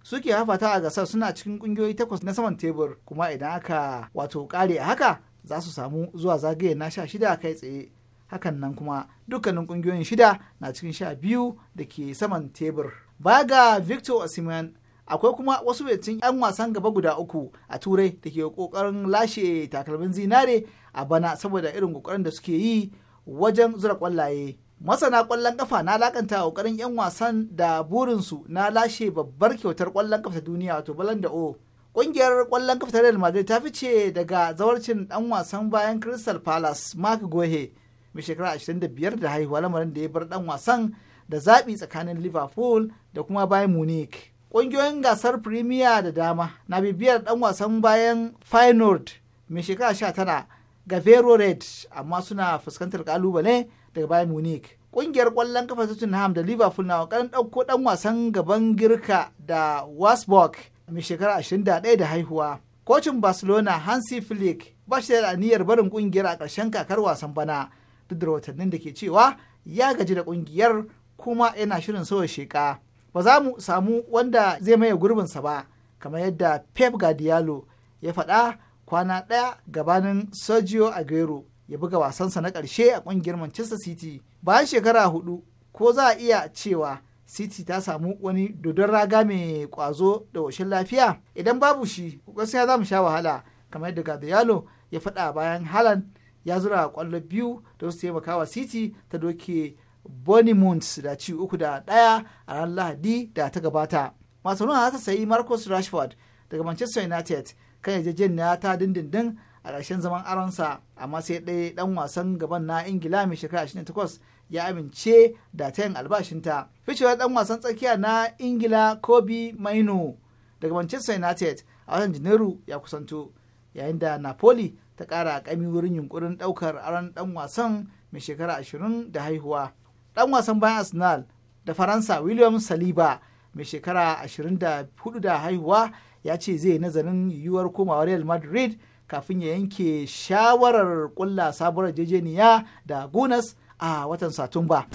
suke hafata a gasar suna cikin ƙungiyoyi takwas na saman tebur kuma idan aka wato ƙare a haka za su samu zuwa zagaye na sha shida kai tsaye hakan nan kuma dukkanin ƙungiyoyin shida na cikin sha biyu da ke saman tebur baya ga victor osimhen akwai kuma wasu wetin 'yan wasan gaba guda uku a turai da ke kokarin lashe takalmin zinare a bana saboda irin kokarin da suke yi wajen zura kwallaye masana kwallon kafa na lakanta kokarin yan wasan da burinsu na lashe babbar kyautar kwallon kafa ta duniya wato balan da o kungiyar kwallon kafa ta real madrid ta fice daga zawarcin dan wasan bayan crystal palace mark gohe mai shekara 25 da haihuwa lamarin da ya bar dan wasan da zaɓi tsakanin liverpool da kuma bayan munich ƙungiyoyin gasar premier da dama na bibiyar dan wasan bayan feyenoord mai shekara 19 Gavero Red amma suna fuskantar kalubale daga Bayern Munich. Kungiyar kwallon kafa Tottenham da Liverpool na kokarin ɗauko ɗan wasan gaban Girka da Wasbog mai shekara 21 da haihuwa. Kocin Barcelona Hansi Flick ba shi da aniyar barin ƙungiyar a ƙarshen kakar wasan bana duk da watannin da ke cewa ya gaji da ƙungiyar kuma yana shirin sauya sheka. Ba za mu samu wanda zai maye gurbinsa ba kamar yadda Pep Guardiola ya faɗa kwana ɗaya gabanin Sergio Aguero ya buga wasansa na ƙarshe a ƙungiyar Manchester City. Bayan shekara hudu ko za a iya cewa City ta samu wani dodon raga mai ƙwazo da washin lafiya idan babu shi gaskiya za mu sha wahala kamar yadda Gadiyalo ya faɗa bayan halan ya zura kwallo biyu da su taimaka wa City ta doke Bournemouth da ci uku da ɗaya a ranar Lahadi da ta gabata. Masu nuna za ta sayi Marcus Rashford daga Manchester United kan na ta dindindin a ƙarshen zaman aronsa amma sai ɗaya ɗan wasan gaban na ingila mai shekara 28 ya amince da ta yin albashinta ficewar ɗan wasan tsakiya na ingila kobe maino daga manchester united a watan janairu ya kusanto yayin da napoli ta ƙara ƙami wurin yunkurin ɗaukar aron ɗan wasan mai shekara 20 da haihuwa ɗan wasan bayan arsenal da faransa william saliba mai shekara 24 da haihuwa ya ce zai nazarin yiwuwar komawa real madrid kafin ya yanke shawarar kulla sabuwar jejeniya da gunas a watan satumba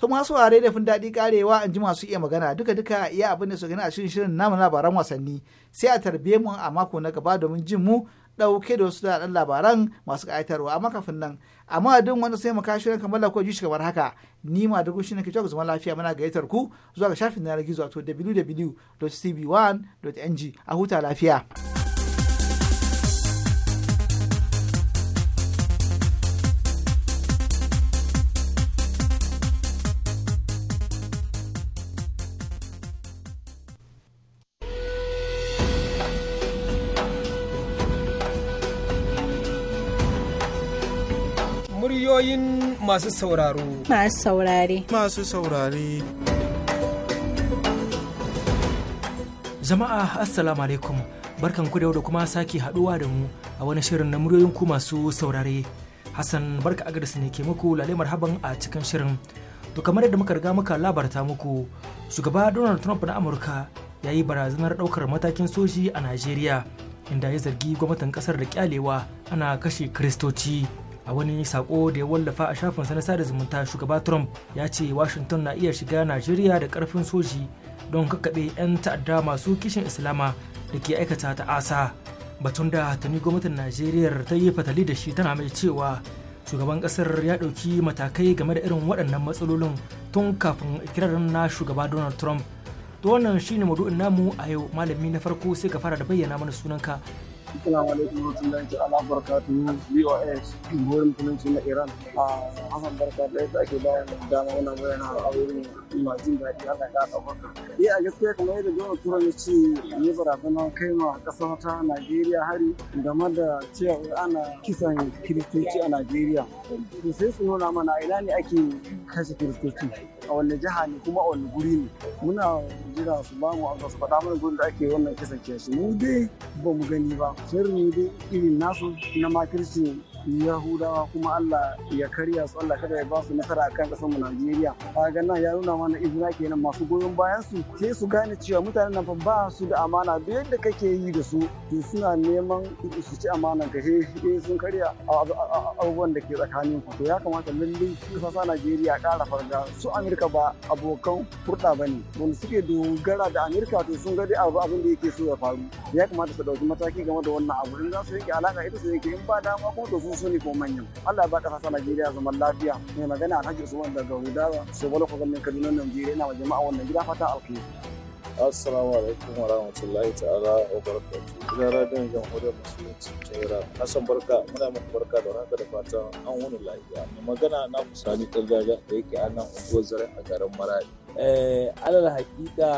to masu ware da fin daɗi karewa in ji masu iya magana duka duka iya abin da su gani a shirin shirin namu labaran wasanni sai a tarbiye mu a mako na gaba domin jin mu ɗauke da wasu daɗan labaran masu ƙayatarwa amma kafin nan amma duk wanda sai muka shirin kamar da kuwa shi kamar haka ni ma da ne ke cewa zaman lafiya muna gayyatar ku zuwa ga shafin na gizo wato www.cb1.ng a huta lafiya. masu sauraro. Masu saurare. Masu saurare. Jama'a Assalamu alaikum barkan ku da kuma sake haduwa da mu a wani shirin na muryoyin ku masu saurare. Hassan barka agadis ne ke muku lalle marhaban a cikin shirin. To kamar yadda muka riga muka labarta muku shugaba Donald Trump na Amurka ya yi barazanar daukar matakin soji a Najeriya inda ya zargi gwamnatin kasar da kyalewa ana kashe kristoci. a wani sako da ya wallafa a shafin na sada zumunta shugaba trump ya ce washington na iya shiga najeriya da karfin soji don kakkaɓe 'yan ta'adda masu kishin islama da ke aikata ta'asa batun da tuni gwamnatin najeriya ta yi fatali da shi tana mai cewa shugaban kasar ya ɗauki matakai game da irin waɗannan matsalolin tun kafin ikirarin na shugaba donald trump to wannan shine maudu'in namu a yau malami na farko sai ka fara da bayyana mana sunanka Assalamu alaikum warahmatullahi ta'ala barakatuhu BOS burin musulunci na Iran a ah, Hassan Barka da yadda ake bayan dama wannan bayan a wurin ina jin daɗi Allah ya ɗaukaka. Eh a gaskiya kamar yadda Donald Trump ya ce ne barazanar kai ma ƙasar ta Najeriya hari game da cewa ana kisan kiristoci a Najeriya. To sai su nuna mana ina ne ake kashe kiristoci. a wani jiha ne kuma a wani guri ne muna jira su ba mu a su faɗa mana gurin da ake wannan kisan su mu dai ba mu gani ba sirri dai irin nasu na makirci yahudawa kuma allah ya karya su allah kada ya ba su nasara akan kasar mu najeriya ga nan ya nuna mana izina kenan masu goyon bayan su Ke su gane cewa mutanen nan fa ba su da amana duk yadda kake yi da su to suna neman su ci amanan ka he sun karya abubuwan da ke tsakanin ku to ya kamata lalle su sasa najeriya kara farga su amurka ba abokan hurɗa ba ne wanda suke dogara da amurka to sun ga dai abu abin da yake so ya faru ya kamata su ɗauki mataki game da wannan abu in za su yanke alaka ita su yanke in ba dama ko to su su ne ko manyan Allah ya ba Najeriya zaman lafiya mai magana Alhaji zuwa daga Hudawa Sobolo ko ganin Kaduna Najeriya na wa jama'a wannan gida fata alkhairi Assalamu alaikum wa rahmatullahi ta'ala wa barakatu. Gidan radiyon jamhuriyar musulunci ta Iran. Hassan barka muna muku barka da haka da fatan an wuni lafiya. Mai magana na kusa ni Kalgaga da yake a nan unguwar zaren a garin Maradi. Eh, alal hakika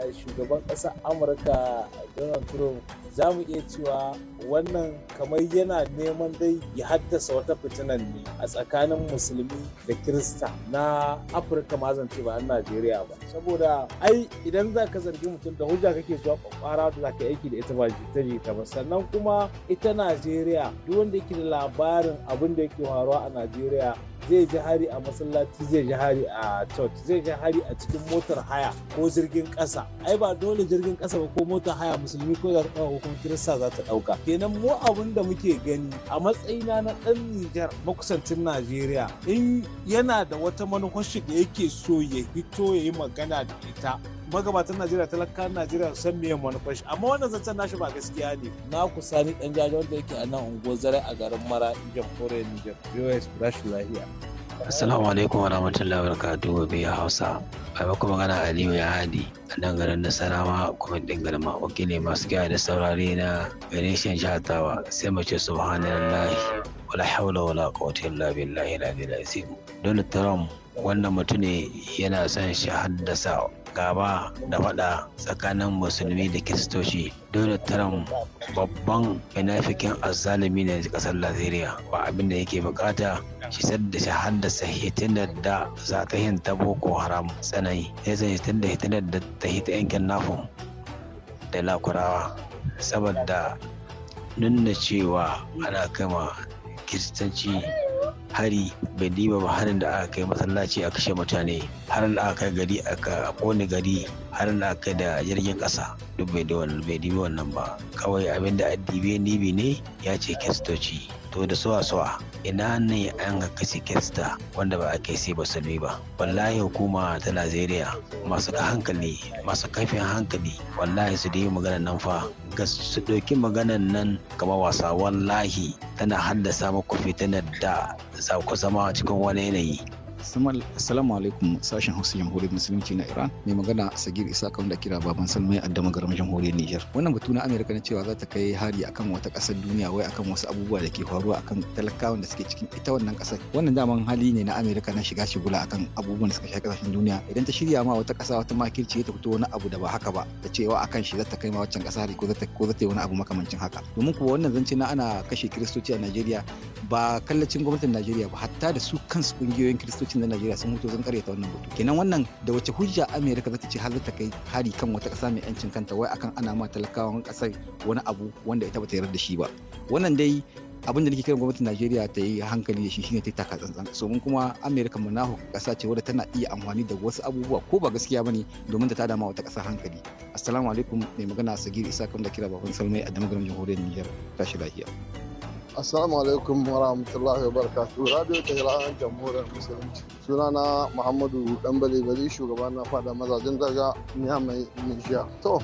eh, shugaban ƙasar amurka donald trump za mu iya cewa wannan kamar yana neman dai ya haddasa wata fitinan ne a tsakanin musulmi da kirista na afirka mazance ba na najeriya ba saboda ai idan za ka zargi mutum da hujja kake zuwa kwakwara da za ka aiki da ita ba ta jita ba sannan kuma ita najeriya duk wanda yake da labarin abin da yake faruwa a najeriya zai ji hari a masallaci zai ji hari a church zai ji hari a cikin motar haya ko jirgin ƙasa ai ba dole jirgin ƙasa ba ko motar haya musulmi ko zata ko kuma kirista za ta ɗauka kenan mu abun da muke gani a matsayina na ɗan Nijar makusancin Najeriya in yana da wata manufashi da yake so ya hito ya yi magana da ita magabatan najeriya talakan najeriya su san miyar manufar shi amma wannan zancen nashi ba gaskiya ne na kusa ni dan jaji wanda yake a nan unguwar zare a garin mara kore niger us rashin lahiya Assalamu alaikum wa rahmatullahi wa barakatuhu biya Hausa. Bai maka magana Aliyu ya hadi a nan garin Nasarawa kuma din garin Makoki ne masu gaya da saurare na Venetian Shatawa sai mace subhanallahi wala hawla wala quwwata illa billahi la ilaha illa Donald Trump wannan mutum ne yana son shi haddasa gaba da faɗa tsakanin musulmi da kiristoci dole taron babban benefikin Azalimi ne kasar najeriya ba abin da yake bukata shi da shi haddasa hitinar da za ta hinta boko haram tsanani ya zai hitin da hitinar da ta hita yankin nafin da lakurawa saboda nuna cewa ana kama kiristanci hari bai diba ba harin da aka kai masallaci a kashe mutane harin da aka kai gari aka kone gari harin da aka kai da jirgin kasa duk bai diba wannan ba kawai abin da addibe nibi ne ya ce kistoci to da suwa suwa ina ne an ga kashe kesta wanda ba a kai sai ba sani ba wallahi hukuma ta najeriya masu hankali masu kafin hankali wallahi su yi maganar nan fa ga su ɗauki maganar nan kamar wasa wallahi tana haddasa muku fitinar da za ku zama cikin wani yanayi Assalamu alaikum sashen Hausa Jamhuriyar Musulunci na Iran mai magana Sagir Isa kan da kira baban Salmai a damagaram Jamhuriyar Niger. Wannan batu na Amerika na cewa za ta kai hari akan wata ƙasar duniya wai akan wasu abubuwa da ke faruwa akan talakawan da suke cikin ita wannan ƙasar. Wannan daman hali ne na Amerika na shiga shigula akan abubuwan da suka shafi ƙasashen duniya. Idan ta shirya ma wata ƙasa wata makirci ta fito wani abu da ba haka ba ta cewa akan shi za ta kai ma waccan ƙasa hari ko za ta yi wani abu makamancin haka. Domin kuwa wannan zance na ana kashe kiristoci a Najeriya ba kallacin gwamnatin Najeriya ba hatta da su kansu ƙungiyoyin kiristoci gwamnatin na Najeriya sun mutu sun karyata wannan batu kenan wannan da wace hujja Amerika za ta ce har ta kai hari kan wata ƙasa mai yancin kanta wai akan ana ma talakawan ƙasar wani abu wanda ita bata yarda da shi ba wannan dai abin da nake kiran gwamnatin Najeriya ta yi hankali da shi shine ta taka tsantsan so mun kuma Amerika munahu ƙasa ce wadda tana iya amfani da wasu abubuwa ko ba gaskiya bane domin ta tada ma wata ƙasa hankali assalamu alaikum mai magana Sagiri Isa kan da kira baban Salmai a damagarin jamhuriyar Niger tashi lafiya Assalamu alaikum wa rahmatullahi wa barakatu. Radio Tehran Jamhuriyar Musulunci. Sunana Muhammadu Dan Bari shugaba na fada mazajen daga Niamey Nijiya. To,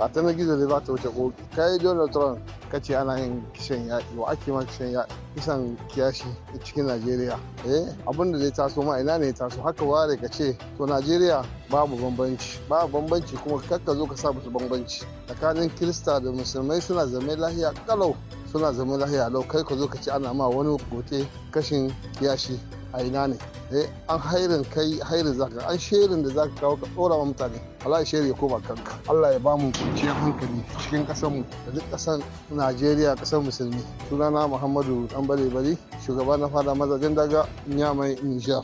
a ta na gizo da za ta wuce Ka yi Donald Trump ka ce ana yin kishin yaƙi wa ake ma kishin yaƙi kisan kiyashi cikin Najeriya. Eh, abin da zai taso ma ina ne taso haka ware ka ce to Najeriya babu bambanci babu bambanci kuma kakka zo ka sabu bambanci tsakanin Kirista da Musulmai suna zama lahiya kalau suna zama lahiya lau kai ka zo ka ci ana ma wani gote kashin yashi a ina ne eh an hairin kai hairin zaka an sherin da zaka kawo ka dora wa mutane Allah ya shiri ko ba kanka Allah ya bamu kwanciyar hankali cikin kasar mu da duk kasar Najeriya kasar musulmi sunana Muhammadu Dan Bale Bale shugaba na fada mazajen daga Nyamai Niger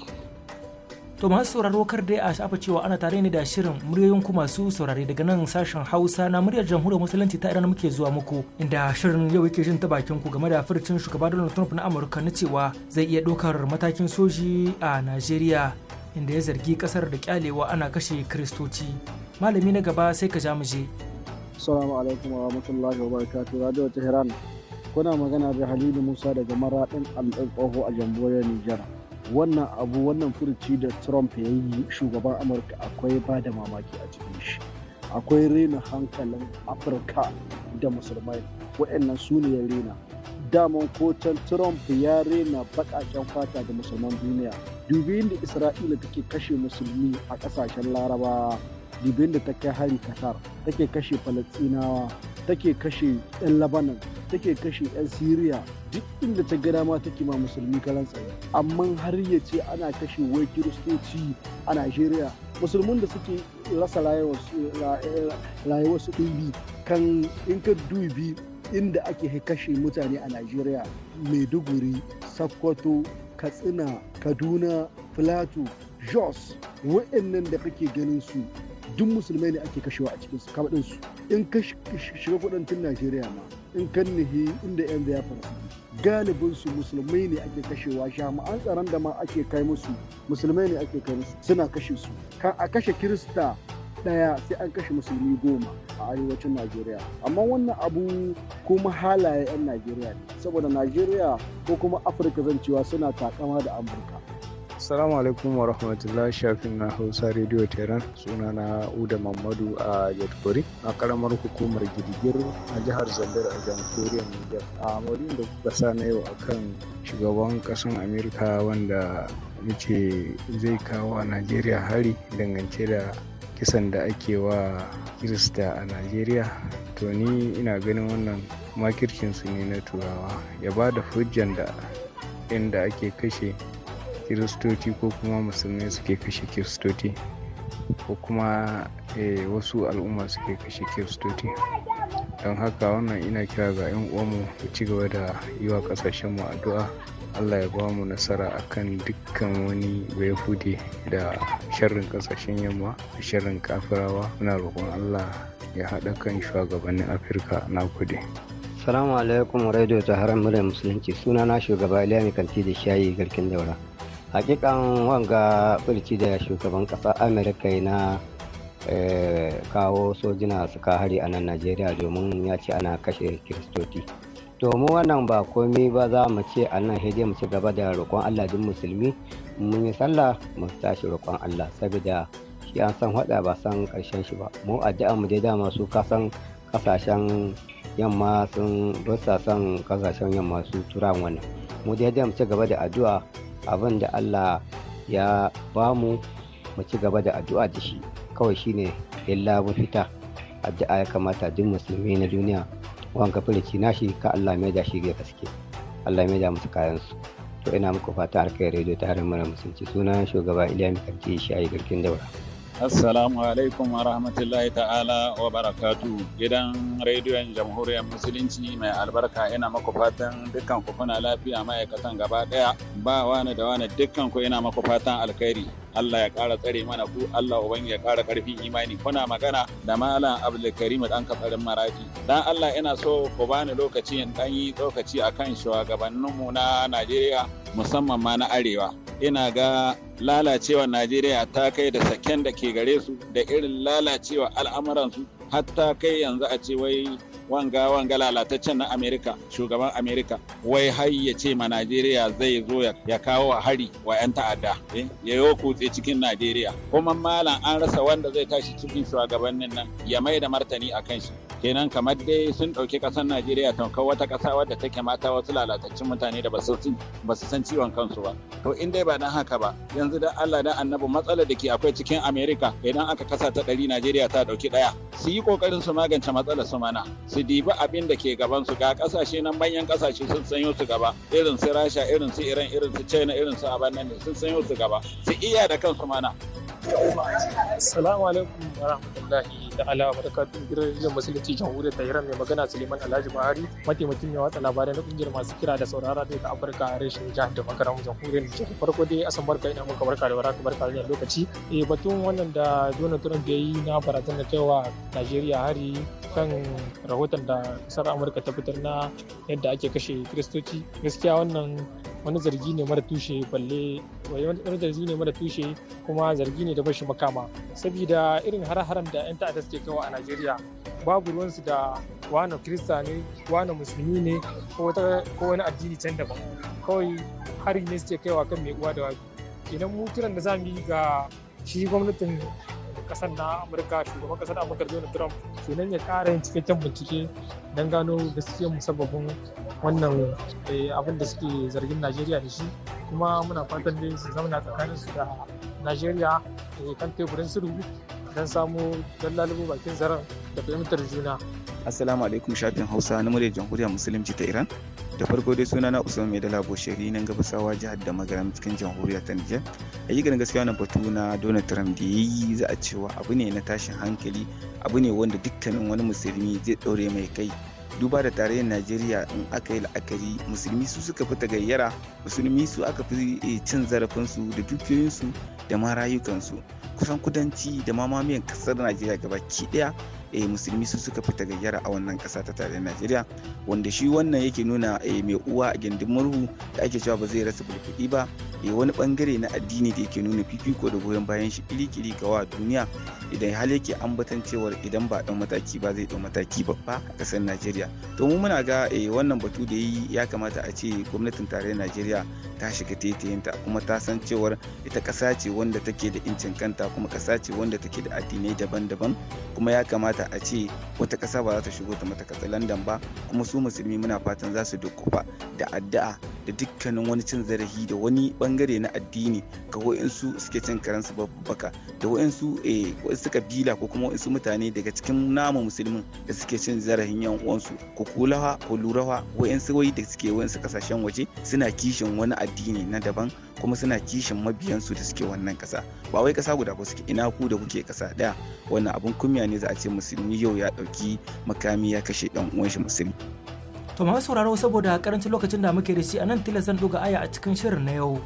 To masu sauraro kar dai a shafa cewa ana tare ne da shirin muryoyin ku masu saurare daga nan sashen Hausa na muryar Jamhuriyar Musulunci ta Iran muke zuwa muku inda shirin yau yake jin ta bakin ku game da furcin shugaba Donald Trump na Amurka na cewa zai iya ɗaukar matakin soji a Najeriya inda ya zargi kasar da kyalewa ana kashe Kiristoci. Malami na gaba sai ka ja mu je. Assalamu alaikum wa rahmatullahi wa barakatuh. Radio Tehran. Kuna magana da Halilu Musa daga Maraɗin Al'aikoho a jamhuriyar Nijar. wannan abu wannan furuci da trump ya yi shugaban amurka akwai ba da mamaki a cikin shi akwai rena hankalin afirka da musulmai waɗannan su ne ya rena daman can trump ya rena baƙaƙen fata da musulman duniya dubi da isra'ila take kashe musulmi a ƙasashen laraba dubi da ta hari qatar take kashe falastinawa take kashe 'yan labanan take kashe 'yan siriya duk inda ta gada ma take ma musulmi karan tsaye amma har ya ce ana kashe wai kiristoci a nigeria musulmin da suke rasa su dubi kan in ka dubi inda ake kashe mutane a najeriya maiduguri sakkwato katsina kaduna plateau jos wa'annan da kake ganin su duk musulmai ne ake kashewa a cikinsu kamaɗinsu in ka shiga kudancin najeriya ma in kan nihi inda 'yan ziyafar galibin su musulmai ne ake kashewa jami'an tsaron da ma ake kai musu musulmai ne ake kai musu suna kashe su kan a kashe kirista daya sai an kashe musulmi goma a arewacin najeriya amma wannan abu kuma halaye 'yan najeriya ne saboda najeriya ko kuma afirka zancewa suna takama da amurka Assalamu alaikum wa rahmatullah shafin na Hausa Radio Tehran suna na Uda Mamadu a Yadkori a karamar hukumar girgir a jihar Zandar a jamhuriyar Niger. A maurin da kuka sa na yau a kan shugaban kasan Amerika wanda yake zai kawo a Najeriya hari dangance da kisan da ake wa Kirista a Najeriya. To ni ina ganin wannan makircinsu ne na turawa ya ba da hujjan da inda ake kashe kiristoci ko kuma musulmai suke kashe kiristoci ko kuma eh, wasu al'umma suke kashe kiristoci don haka wannan ina kira ga 'yan uwanmu mu ci gaba da yi wa kasashenmu addu'a allah ya ba mu nasara akan dukkan wani hude da sharrin kasashen yamma da sharrin kafirawa muna roƙon allah ya haɗa kan shugabannin afirka na kuɗi. salamu alaikum radio ta haram muryar musulunci suna na shugaba iliya kanti da shayi garkin daura hakikan wanga birki da shugaban ƙasa amurka na eh, kawo sojina suka hari a nan najeriya domin ya ce ana kashe kiristoci domin wannan ba komi ba za mu ce a nan hede mu ci gaba da roƙon allah din musulmi mun yi sallah mu tashi roƙon allah saboda shi an san hada ba san ƙarshen shi ba mu addu'a mu dai dama su kasan kasashen yamma sun rusa san kasashen yamma su turan wannan mu dai mu ci gaba da addu'a abin da Allah ya bamu mu ci gaba da addu'a da shi kawai shine illa fita, addu'a ya kamata duk musulmi na duniya wanka filici shi, ka Allah mai da shi ga gaske Allah mai da musu kayan su to ina muku fata alkai rediyo ta harin mara musulunci suna shugaba Iliya Mikanti shayi garkin daura Assalamu alaikum wa rahmatullahi ta'ala wa barakatu gidan rediyon jamhuriyar musulunci mai albarka ina maku fatan dukkan ku kuna lafiya ma'aikatan gaba daya ba wani da wani dukkan ku ina maku fatan alkhairi Allah ya ƙara tsare mana ku Allah uban ya ƙara ƙarfin imani kuna magana da malam Abdulkarim dan kafarin Maraji dan Allah ina so ku bani lokaci in dan yi lokaci akan shugabanninmu na Najeriya musamman ma na arewa ina ga lalacewa najeriya ta kai da saken da ke gare su da irin lalacewa al'amuransu hatta kai yanzu a ce wai wanga wanga lalataccen na amerika shugaban amerika wai har ya ce ma najeriya zai zo ya kawo hari wa 'yan ta'adda eh, ya yi kutse cikin najeriya kuma malam an rasa wanda zai tashi cikin shugabannin nan ya mai da martani a kan shi kenan kamar dai sun ɗauki ƙasar najeriya tamkar wata ƙasa wadda take mata wasu lalatacin mutane da ba su san ciwon kansu ba to in dai ba na haka ba yanzu da allah da annabu matsalar da ke akwai cikin america idan aka kasa ta ɗari najeriya ta ɗauki ɗaya su yi ƙoƙarin su magance matsalar su mana su dibi abin da ke gaban su ga ƙasashe nan manyan ƙasashe sun sanyo su gaba irin su rasha irin su iran irin su china irin su nan ne sun sanyo su gaba su iya da kansu mana Salamu alaikum warahmatullahi ta'ala wa barakatun gidan musulunci gwamnatin jamhuriyar Tehran mai magana Suleiman Alhaji Buhari mataimakin mai watsa labarai na kungiyar masu kira da saurara da Afirka a rashin jihar da makaram jamhuriyar Nijar. Farko dai asan barka ina muka barka da baraka barka da lokaci. Eh batun wannan da Donald Trump ya yi na da kaiwa Najeriya hari kan rahoton da kasar amurka ta fitar na yadda ake kashe kiristoci gaskiya wannan wani zargi ne mara tushe balle wani zargi ne mara tushe kuma zargi ne da bashi makama saboda irin har-haren da 'yan ta'adda suke kawo a najeriya babu ruwansu da wani kirista ne wani musulmi ne ko wani addini can daban kawai hari ne suke kaiwa kan mai uwa da wabi idan mu kiran da za mu yi ga shi gwamnatin kasar na amurka shugaban kasar amurka donald trump kenan ya kara yin cikakken bincike don gano gaskiyar musabbabin wannan eh, abin da suke zargin najeriya da shi kuma muna fatan dai su zama tsakanin su da najeriya eh, kan teburin sirri. don samu don lalubu bakin zaren da fahimtar juna. Assalamu alaikum shafin Hausa na murya jamhuriyar musulunci ta Iran. Da farko dai suna na Usman Mai Dala Bosheri nan gabasawa jihar da magaram cikin jamhuriyar ta Nijar. ganin gaskiya na batu na Donald Trump da yi za a cewa abu ne na tashin hankali abu ne wanda dukkanin wani musulmi zai ɗaure mai kai duba da tarayyar najeriya in aka yi la'akari musulmi su suka fi tagayyara musulmi su aka fi eh, cin zarafinsu da dukiyoyinsu da ma rayukansu kusan kudanci da ma mamayen kasar najeriya gabaki daya eh, musulmi su suka fita gayyara a wannan kasa ta tare najeriya wanda shi wannan yake nuna eh, mai uwa a gindin murhu da ake cewa ba zai rasa fulfuɗi ba eh, wani bangare na addini da yake nuna fifiko da goyon bayan shi kiri-kiri ga wa duniya idan hal yake ambatan cewar idan ba ɗan mataki ba zai dan mataki babba a kasar najeriya to mu muna ga eh, wannan batu da yi ya kamata a ce gwamnatin tarayyar najeriya ta shiga taitayinta kuma ta san cewar ita kasa ce wanda take da incin kanta kuma kasa ce wanda take da addinai daban-daban kuma ya kamata kamata a ce wata ƙasa ba za ta shigo ta mata landan ba kuma su musulmi muna fatan za su dukkufa da addu'a da dukkanin wani cin zarafi da wani bangare na addini ga wa'insu suke cin karansu baka da wa'insu eh, wa'insu kabila ko kuma wa'insu mutane daga cikin namu musulmin da suke cin zarafin yan uwansu ko kulawa ko lurawa wa'insu wai da suke wa'insu kasashen waje suna kishin wani addini na daban kuma suna kishin mabiyansu da suke wannan kasa ba wai kasa guda ba suke ina ku da kuke kasa daya wannan abun kunya ne za a ce musulmi yau ya dauki makami ya kashe dan uwan shi musulmi to ma sauraro saboda karancin lokacin da muke da shi anan tilasan doga aya a cikin shirin na yau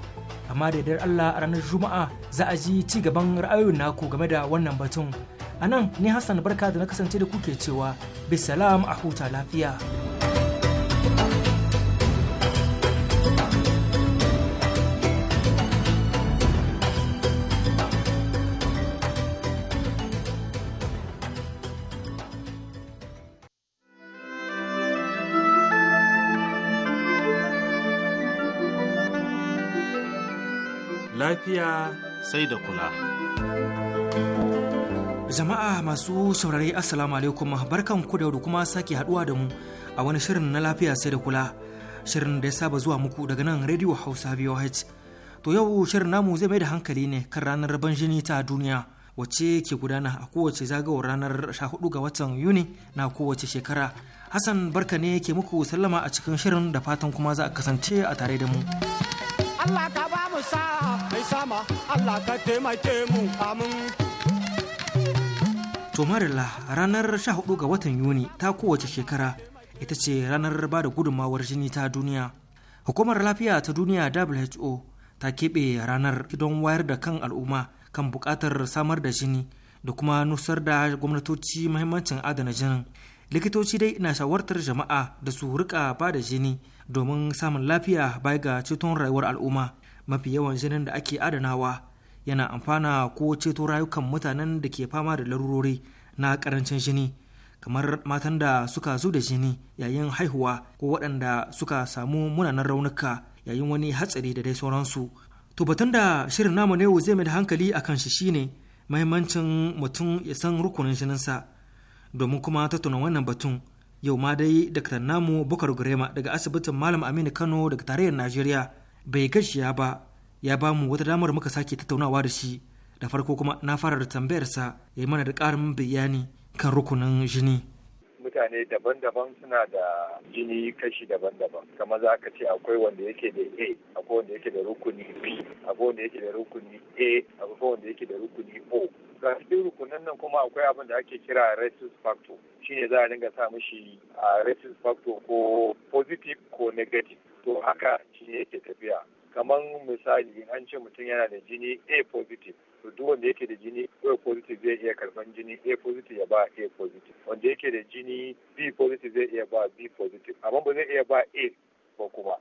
amma da yardar Allah a ranar Juma'a za a ji ci gaban ra'ayoyin naku game da wannan batun anan ni Hassan barka da na kasance da kuke cewa bisalam a huta lafiya lafiya sai da kula. Jama'a masu saurare Assalamu alaikum barkan ku da kuma sake haduwa da mu a wani shirin na lafiya sai da kula. Shirin da ya saba zuwa muku daga nan Radio Hausa VOH. To yau shirin namu zai mai da hankali ne kan ranar ban jini ta duniya. wace ke gudana a kowace zagawar ranar 14 ga watan Yuni na kowace shekara. Hassan barka ne ke muku sallama a cikin shirin da fatan kuma za a kasance a tare da mu. Allah ka mu sa mai sama Allah ka taimake mu amin. To Marilla ranar 14 ga watan Yuni ta kowace shekara ita ce ranar ba da gudunmawar jini ta duniya. Hukumar lafiya ta duniya WHO ta keɓe ranar don wayar da kan al'umma kan buƙatar samar da jini da kuma nusar da gwamnatoci mahimmancin adana jinin. likitoci dai na shawartar jama'a da su rika ba da jini domin samun lafiya baya ga ceton rayuwar al'umma mafi yawan jinin da ake adanawa yana amfana ko ceto rayukan mutanen da ke fama da larurori na karancin jini kamar matan da suka zo da jini yayin haihuwa ko waɗanda suka samu munanan raunuka yayin wani hatsari da dai sauransu to batun da shirin namu na yau zai mai da hankali a kan shi shine mahimmancin mutum ya san rukunin jininsa domin kuma tattauna wannan batun yau ma dai daktar namu bukar gurema daga asibitin malam aminu kano daga tarayyar najeriya bai gashiya ba ya ba mu wata damar muka sake tattaunawa da shi da farko kuma na fara da tambayarsa ya yi mana da ƙarin bayani kan rukunin jini. mutane daban-daban suna da jini kashi daban-daban kamar za ka ce akwai wanda yake da a akwai wanda yake da rukuni b akwai wanda yake da rukuni a akwai wanda yake da rukuni o ga cikin rukunin nan kuma akwai abin da ake kira rhesus factor shine za a dinga sa mishi a rhesus factor ko positive ko negative to haka ne yake tafiya kamar misali an ce mutum yana da jini a positive to duk wanda yake da jini a positive zai iya karban jini a positive ya ba a positive wanda yake da jini b positive zai iya ba b positive amma ba zai iya ba a ba kuma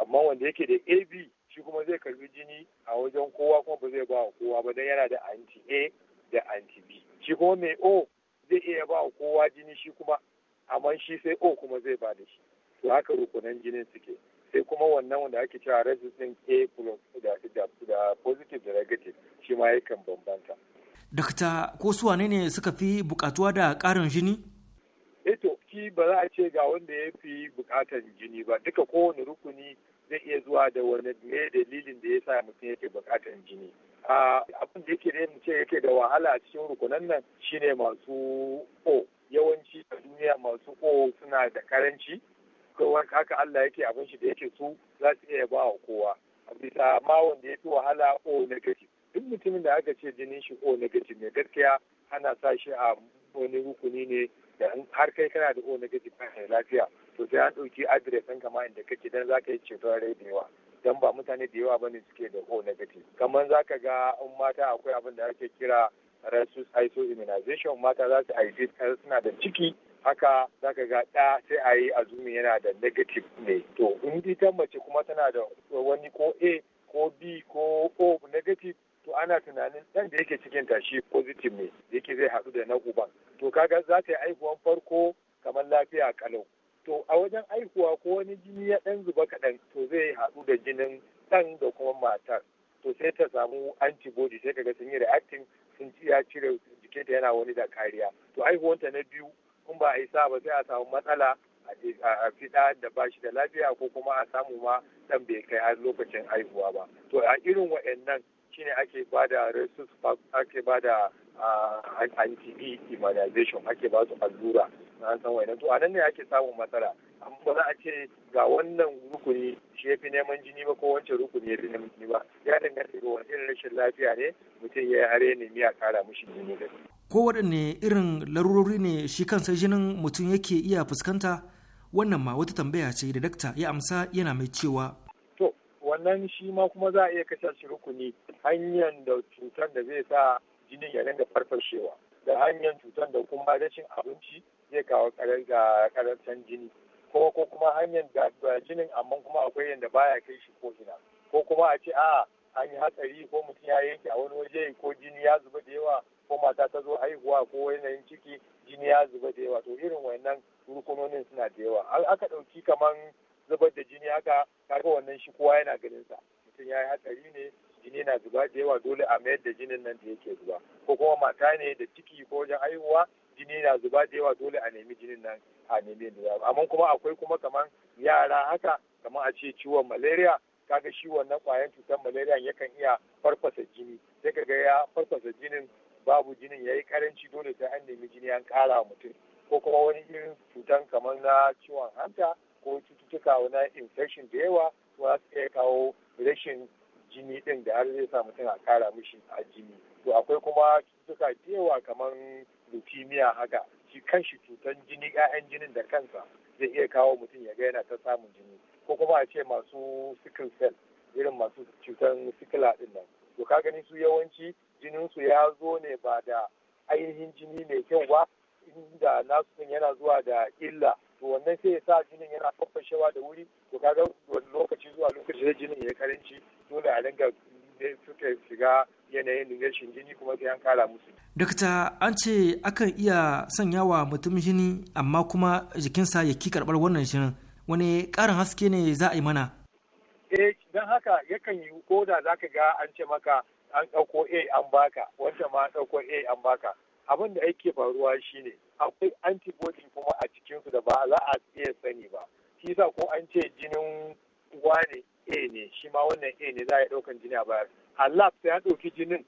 amma wanda yake da ab shi kuma zai karbi jini a wajen kowa kuma ba zai ba kowa ba dan yana da anti a da anti b shi kuma mai o zai iya ba kowa jini shi kuma amma shi sai o kuma zai ba da shi to haka rukunan jinin suke sai kuma wannan wanda ake cewa resist din A plus da, da, da positive da negative shi ma yakan bambanta. Dakta ko su wane ne suka fi bukatuwa da ƙarin jini? Eto, eh shi ba za a ce ga wanda ya fi bukatan jini ba, duka kowane rukuni zai iya zuwa da wani ne dalilin da ya sa mutum yake bukatan jini. Abin da yake mu ce yake da wahala a cikin rukunan nan shine masu O. Yawanci a duniya masu O suna da karanci, kowa haka Allah yake abin shi da yake su za su iya ba wa kowa a bisa ma wanda ya fi wahala o negative duk mutumin da aka ce jinin shi o negative ne gaskiya ana sa shi a wani rukuni ne da har kai kana da o negative kana lafiya to sai an ɗauki adres ɗin kama inda kake dan za ka yi ceton rai da yawa dan ba mutane da yawa ba ne suke da o negative kamar za ka ga in mata akwai abin da ake kira Rasus iso immunization mata za su aiki suna da ciki haka za ka ga ɗa sai a yi azumi yana da negative ne to in ita mace kuma tana da wani ko a ko b ko o negative to ana tunanin ɗan da yake cikin tashi positive ne yake zai haɗu da na uban to kaga za ta yi aihuwan farko kamar lafiya kalau to a wajen aihuwa ko wani jini ya ɗan zuba kaɗan to zai haɗu da jinin ɗan da kuma matar to sai ta samu antibody sai kaga sun yi reacting sun ya cire jikinta yana wani da kariya to aihuwanta na biyu in ba a yi sa ba sai a samu matsala a fiɗa da ba shi da lafiya ko kuma a samu ma ɗan bai kai har lokacin haihuwa ba to a irin wa'annan shine ake ba da resus ake ba da anti immunization ake ba su allura na san wa'annan to a nan ne ake samun matsala amma ba za a ce ga wannan rukuni shi ya fi neman jini ba ko wancan rukuni ya fi neman jini ba ya danganta ga wani irin rashin lafiya ne mutum ya yi are ne nemi a kara mishi jini ko waɗanne irin larurori ne shi kansa jinin mutum yake iya fuskanta wannan ma wata tambaya ce da dakta ya amsa yana mai cewa to wannan shi ma kuma za a iya kashe shi rukuni hanyar da cutar da zai sa jinin ya da farfashewa da hanyar cutar da kuma rashin abinci zai kawo karancin jini ko ko kuma hanyar da jinin amma kuma akwai yadda baya kai shi ko ina ko kuma a ce a an yi hatsari ko mutum ya yanke a wani waje ko jini ya zuba da yawa ko mata ta zo haihuwa ko yanayin ciki jini ya zuba da yawa to irin wannan rukunonin suna da yawa aka ɗauki kaman zubar da jini haka kaga wannan shi kowa yana ganin sa mutum ya yi hatsari ne jini na zuba da yawa dole a mayar da jinin nan da yake zuba ko kuma mata ne da ciki ko wajen haihuwa jini na zuba da yawa dole a nemi jinin nan a nemi da amma kuma akwai kuma kaman yara haka kaman a ce ciwon malaria kaga shi wannan kwayan cutar malaria yakan iya farfasa jini sai kaga ya farfasa jinin babu jinin ya yi karanci dole sai an nemi jini an kara mutum ko kuma wani irin cutan kamar na ciwon hanta ko cututtuka na infection da yawa to za su iya kawo rashin jini din da har zai sa mutum a kara mishi a jini to akwai kuma cututtuka da yawa kamar leukemia haka shi kanshi cutan jini 'ya'yan jinin da kansa zai iya kawo mutum ya ga yana ta samun jini ko kuma a ce masu sickle cell irin masu cutan sikila din nan to ka gani su yawanci jininsu ya zo ne ba da ainihin jini mai kyau ba inda nasu yana zuwa da illa to wannan sai ya sa jinin yana fafashewa da wuri to kaga lokaci zuwa lokaci da jinin ya karanci dole a dinga suka shiga yanayin rashin jini kuma sai an kara musu. Dokta an ce akan iya sanya wa mutum jini amma kuma jikinsa ya ki karɓar wannan shirin wani ƙarin haske ne za a yi mana. Eh don haka yakan yi ko da za ka ga an ce maka an ɗauko a an baka wanda ma an ɗauko a an baka abin da ake faruwa shine akwai antibody kuma a cikinsu da ba za a iya sani ba shi yasa ko an ce jinin ne a ne shi ma wannan a ne za a ɗaukan jini a bayar a lab sai an ɗauki jinin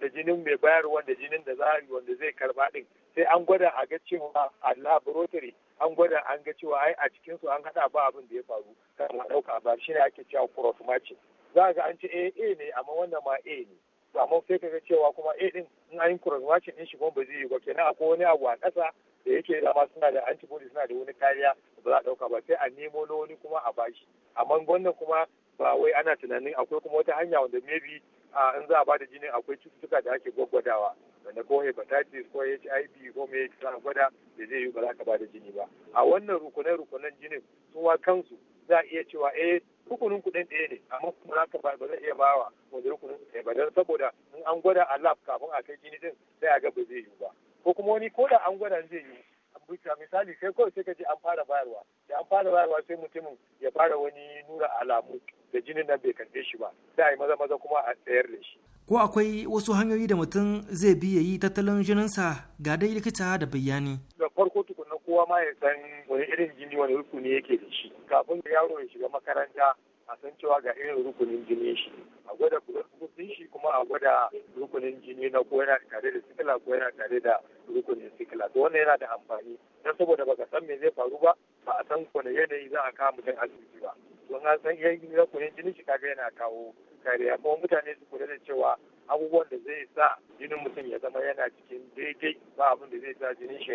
da jinin mai bayar wanda jinin da za a yi wanda zai karba ɗin sai an gwada a ga cewa a laboratory an gwada an ga cewa ai a cikinsu an haɗa ba abin da ya faru kan a ɗauka ba shi ne ake cewa cross matching za ga an ce a eh, a ne amma wannan ma a ne ba amma sai kaga cewa kuma a din in an yi cross matching din shi kuma ba zai yi ba kenan akwai wani abu a ƙasa da yake zama suna da antibody suna da wani kariya ba za a ɗauka ba sai a nemo na wani kuma a bashi amma wannan kuma ba wai ana tunanin akwai kuma wata hanya wanda maybe in za a bada jini akwai cututtuka da ake gwaggwadawa wanda ko hepatitis ko HIV ko me za a gwada da zai yi ba za ka bada jini ba a wannan rukunan rukunan jinin suma kansu za a iya cewa eh rukunin kuɗin ɗaya ne amma kuma za ka ba ba zai iya ba wa wanda rukunin ɗaya ba don saboda in an gwada a lab kafin a kai jini ɗin sai a ga ba zai yiwu ba ko kuma wani ko da an gwada zai yiwu bisa misali sai kawai sai ka ji an fara bayarwa da an fara bayarwa sai mutumin ya fara wani nuna alamu da jinin nan bai karɓe shi ba sai a yi maza maza kuma a tsayar da shi ko akwai wasu hanyoyi da mutum zai bi ya yi tattalin jininsa ga dai likita da bayani. Da farko tukuna kowa ma ya san wani irin jini wani rukuni yake da shi kafin da yaro ya shiga makaranta a san cewa ga irin rukunin jini shi a gwada rukunin shi kuma a gwada rukunin jini na ko yana tare da sikila ko yana tare da rukunin sikila to wannan yana da amfani don saboda baka san me zai faru ba ba a san wani yanayi za a kawo mutum asibiti ba don an san yayin rukunin jini shi kaga yana kawo kariya kuma mutane su kula da cewa abubuwan da zai sa jinin mutum ya zama yana cikin daidai ba abin da zai sa jinin shi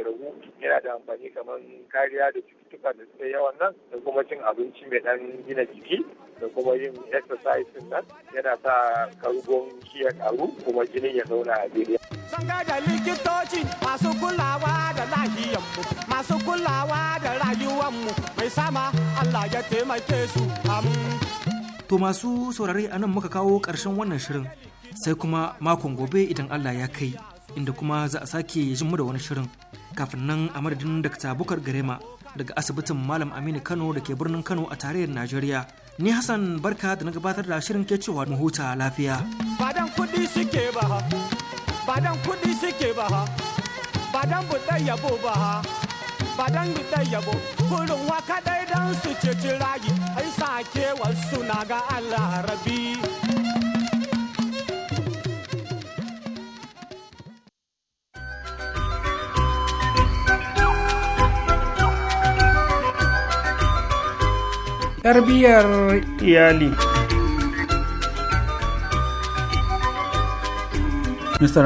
yana da amfani kamar kariya da cututtuka da suka yawan nan da kuma cin abinci mai dan gina jiki da kuma yin exercise nan yana sa karugon shi ya karu kuma jinin ya zauna a daidai. Sun da likitoci masu kulawa da lahiyanmu masu kulawa da rayuwanmu mai sama Allah ya taimake su amin. To masu saurare a nan muka kawo ƙarshen wannan shirin sai kuma makon gobe idan Allah ya kai inda kuma za a sake jin mu da wani shirin kafin nan a madadin Dr. Bukar Garema daga asibitin Malam Aminu Kano da ke birnin Kano a tarayyar Najeriya. Ni Hassan Barka da na gabatar da shirin ke cewa mu huta lafiya. Badan kuɗi suke ba ha, badan kuɗi suke ba ha, badan yabo ba dan da yabo gurin wa kadai dan su ceci rayu ai sake wasu na ga Allah rabi tarbiyyar iyali. Mr.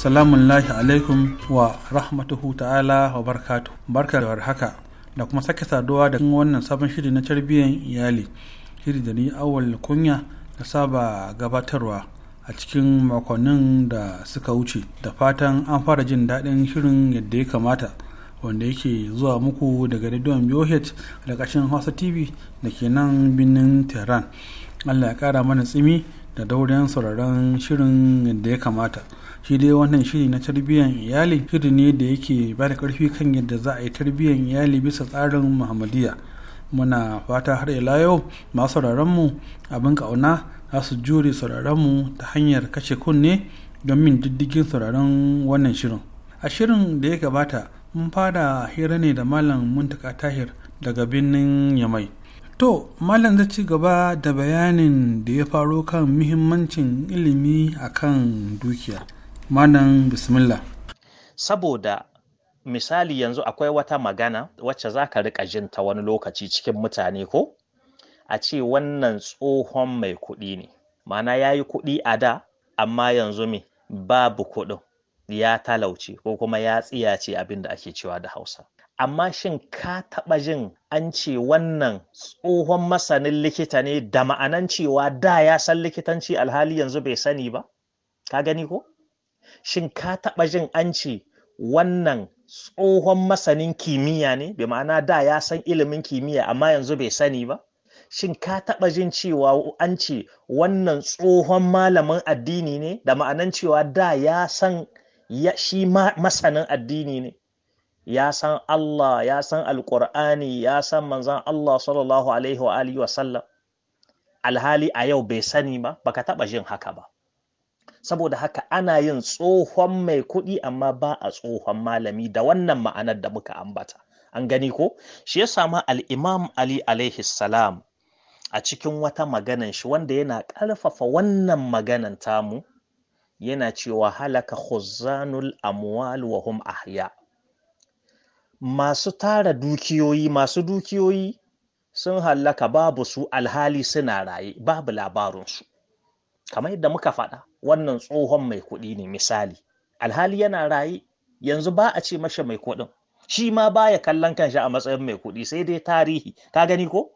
salamun lahi alaikum wa rahmatuhu ta'ala wa barkatu barka da warhaka da kuma sake saduwa da wannan sabon shiri na tarbiyyar iyali shiri da ni awal kunya da saba gabatarwa a cikin makonnin da suka wuce da fatan an fara jin daɗin shirin yadda ya kamata wanda yake zuwa muku daga rediyon BOH da ƙashin Hausa TV da ke nan birnin Tehran. Allah ya ƙara mana tsimi da daurin sauraron shirin yadda ya kamata. shi dai wannan shiri na tarbiyyar iyali shiri ne da yake ba da karfi kan yadda za a yi tarbiyyar iyali bisa tsarin muhammadiyya muna fata har ila yau masu mu abin kauna za su jure mu ta hanyar kashe kunne don min diddigin sauraron wannan shirin a shirin da ya gabata mun fara hira ne da malam muntaka tahir daga birnin yamai to malam zai ci gaba da bayanin da ya faro kan muhimmancin ilimi akan dukiya manan bismillah saboda misali yanzu akwai wata magana wacce za ka riƙa jin ta wani lokaci cikin mutane ko a ce wannan tsohon mai kuɗi ne mana ya yi kuɗi a da amma yanzu me babu kuɗin ya talauci ko kuma ya tsiyace abin da ake cewa da hausa amma shin ka taɓa jin an ce wannan tsohon masanin likita ne da ma'anan cewa da ya san likitanci alhali yanzu bai sani ba ka gani ko shin ka taɓa jin an ce wannan tsohon masanin kimiyya ne bi ma'ana da ya san ilimin kimiyya amma yanzu bai sani ba shin ka taɓa jin cewa an ce wannan tsohon malamin addini ne da ma'anan cewa da ya san shi masanin addini ne ya san Allah ya san alƙur'ani ya san manzan Allah sallallahu alaihi wa alihi alhali a yau bai sani ba baka taɓa jin haka ba saboda haka ana yin tsohon mai kuɗi amma ba a tsohon malami da wannan ma'anar da muka ambata an gani ko shi ya sami al'imam ali alaihi salam a cikin wata maganan shi wanda yana ƙarfafa wannan maganan tamu yana cewa halaka khuzanul amwal wa hum ahya masu tara dukiyoyi masu dukiyoyi sun hallaka babu su alhali suna raye babu labarinsu kamar yadda muka faɗa wannan tsohon mai kuɗi ne misali alhali yana raye yanzu ba a ce mashi mai kuɗin shi ma baya kallon kanshi a matsayin mai kuɗi sai dai tarihi ka gani ko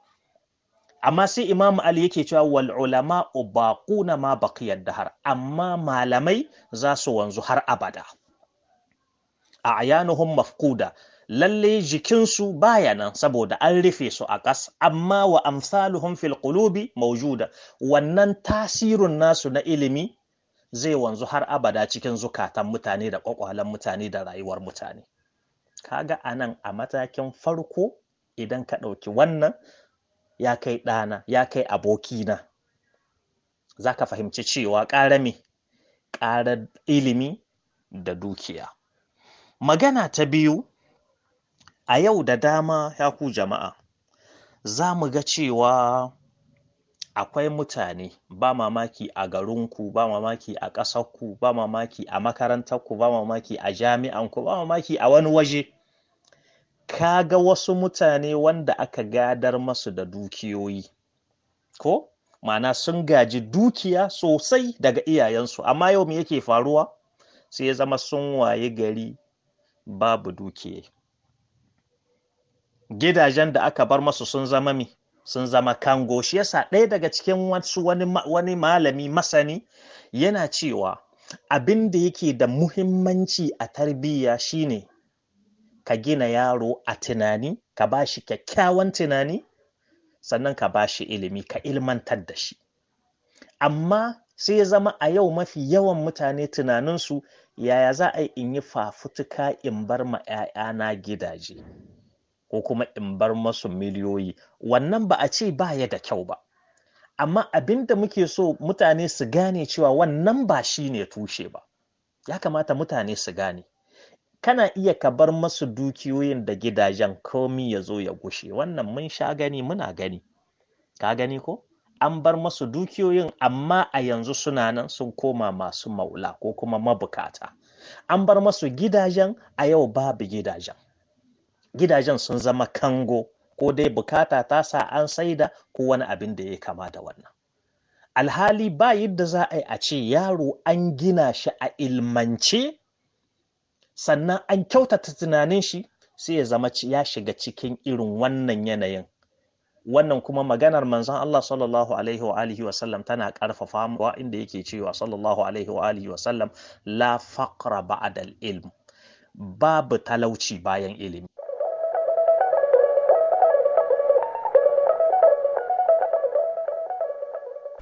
amma sai imamu ali yake cewa wal ulama ubaquna ma baqiyad dahar amma malamai za su wanzu har abada a ayanuhum mafquda lalle jikinsu baya nan saboda an rufe su a ƙas amma wa amsaluhum fil qulubi mawjuda wannan tasirin nasu na ilimi zai wanzu har abada cikin zukatan mutane da ƙwaƙwalen mutane da rayuwar mutane kaga a nan a matakin farko idan ka ɗauki wannan ya kai ɗana ya kai abokina za ka fahimci cewa ƙara me Ƙara ilimi da dukiya magana ta biyu a yau da dama ya ku jama'a za mu ga cewa akwai mutane ba mamaki a garinku ba mamaki a ƙasarku ba mamaki a makarantarku ba mamaki a jami'anku ba mamaki a wani waje ka ga wasu mutane wanda aka gadar masu da dukiyoyi ko mana sun gaji dukiya sosai daga iyayensu amma yau me yake faruwa sai ya zama sun waye gari babu dukiya gidajen da aka bar masu sun zama mi sun zama kango shi yasa ɗaya daga cikin wasu wani malami masani yana cewa abin da yake da muhimmanci a tarbiyya shine ka gina yaro a tunani ka ba shi kyakkyawan tunani sannan ka ba shi ilimi ka ilmantar da shi amma sai ya zama a yau mafi yawan mutane tunaninsu yaya za a yi in yi fafutuka in bar ma 'ya'yana gidaje ko kuma in bar masu miliyoyi wannan ba a ce baya da kyau ba amma abin da muke so mutane su gane cewa wannan ba shi ne tushe ba ya kamata mutane su gane kana iya ka bar masu dukiyoyin da gidajen komi ya zo ya gushe wannan mun sha gani muna gani ka gani ko an bar masu dukiyoyin amma a yanzu suna nan sun koma masu maula ko kuma mabukata an bar masu gidajen a yau babu gidajen gidajen sun zama kango ko dai bukata ta sa an saida ko wani abin da ya kama da wannan alhali ba yadda za a yi a ce yaro an gina shi a ilmance sannan an kyautata tunanin shi sai ya zama ya shiga cikin irin wannan yanayin wannan kuma maganar manzon Allah sallallahu alaihi wa wa sallam tana ƙarfafa wa inda yake cewa sallallahu alaihi wa alihi wa sallam la faqra ba'da al-ilm babu talauci bayan ilimi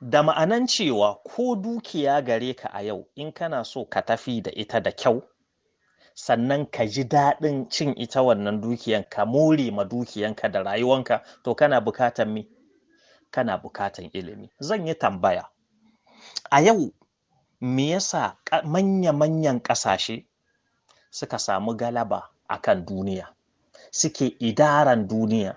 da ma'anan cewa ko dukiya gare ka a yau in kana so ka tafi da ita da kyau sannan ka ji daɗin cin ita wannan dukiyan ka more ma dukiyanka da rayuwanka to kana bukatan me kana bukatan ilimi zan yi tambaya a yau me yasa manya-manyan ƙasashe suka samu galaba akan duniya suke idaran duniya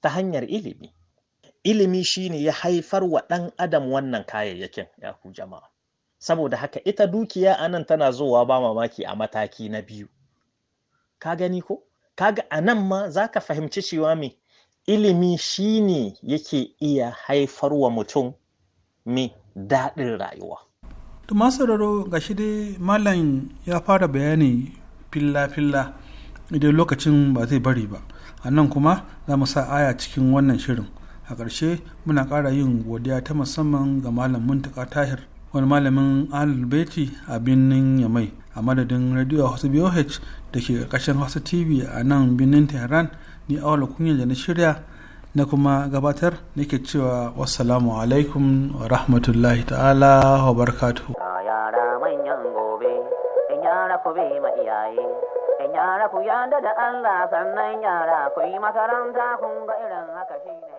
ta hanyar ilimi ilimi shi ne ya haifar wa ɗan adam wannan kayayyakin ya ku jama'a saboda haka ita dukiya a nan tana zowa ba mamaki a mataki na biyu ka gani ko kaga a nan ma za ka fahimci cewa me ilimi shi ne yake iya haifar wa mutum me daɗin rayuwa to masararo ga shi dai malam ya fara bayani filla-filla idan lokacin ba zai bari ba a nan kuma za mu sa aya cikin wannan shirin a ƙarshe muna ƙara yin godiya ta musamman ga malam muntaka tahir wani malamin alibeti a birnin yamai a madadin radio hausa boh da ke ƙarƙashin hausa tv a nan birnin tehran ni awala kunya da na shirya na kuma gabatar nake cewa wassalamu alaikum wa rahmatullahi ta'ala wa barkatu manyan gobe iyaye Yara ku yada da Allah sannan yara ku yi makaranta kun ga irin haka shi ne.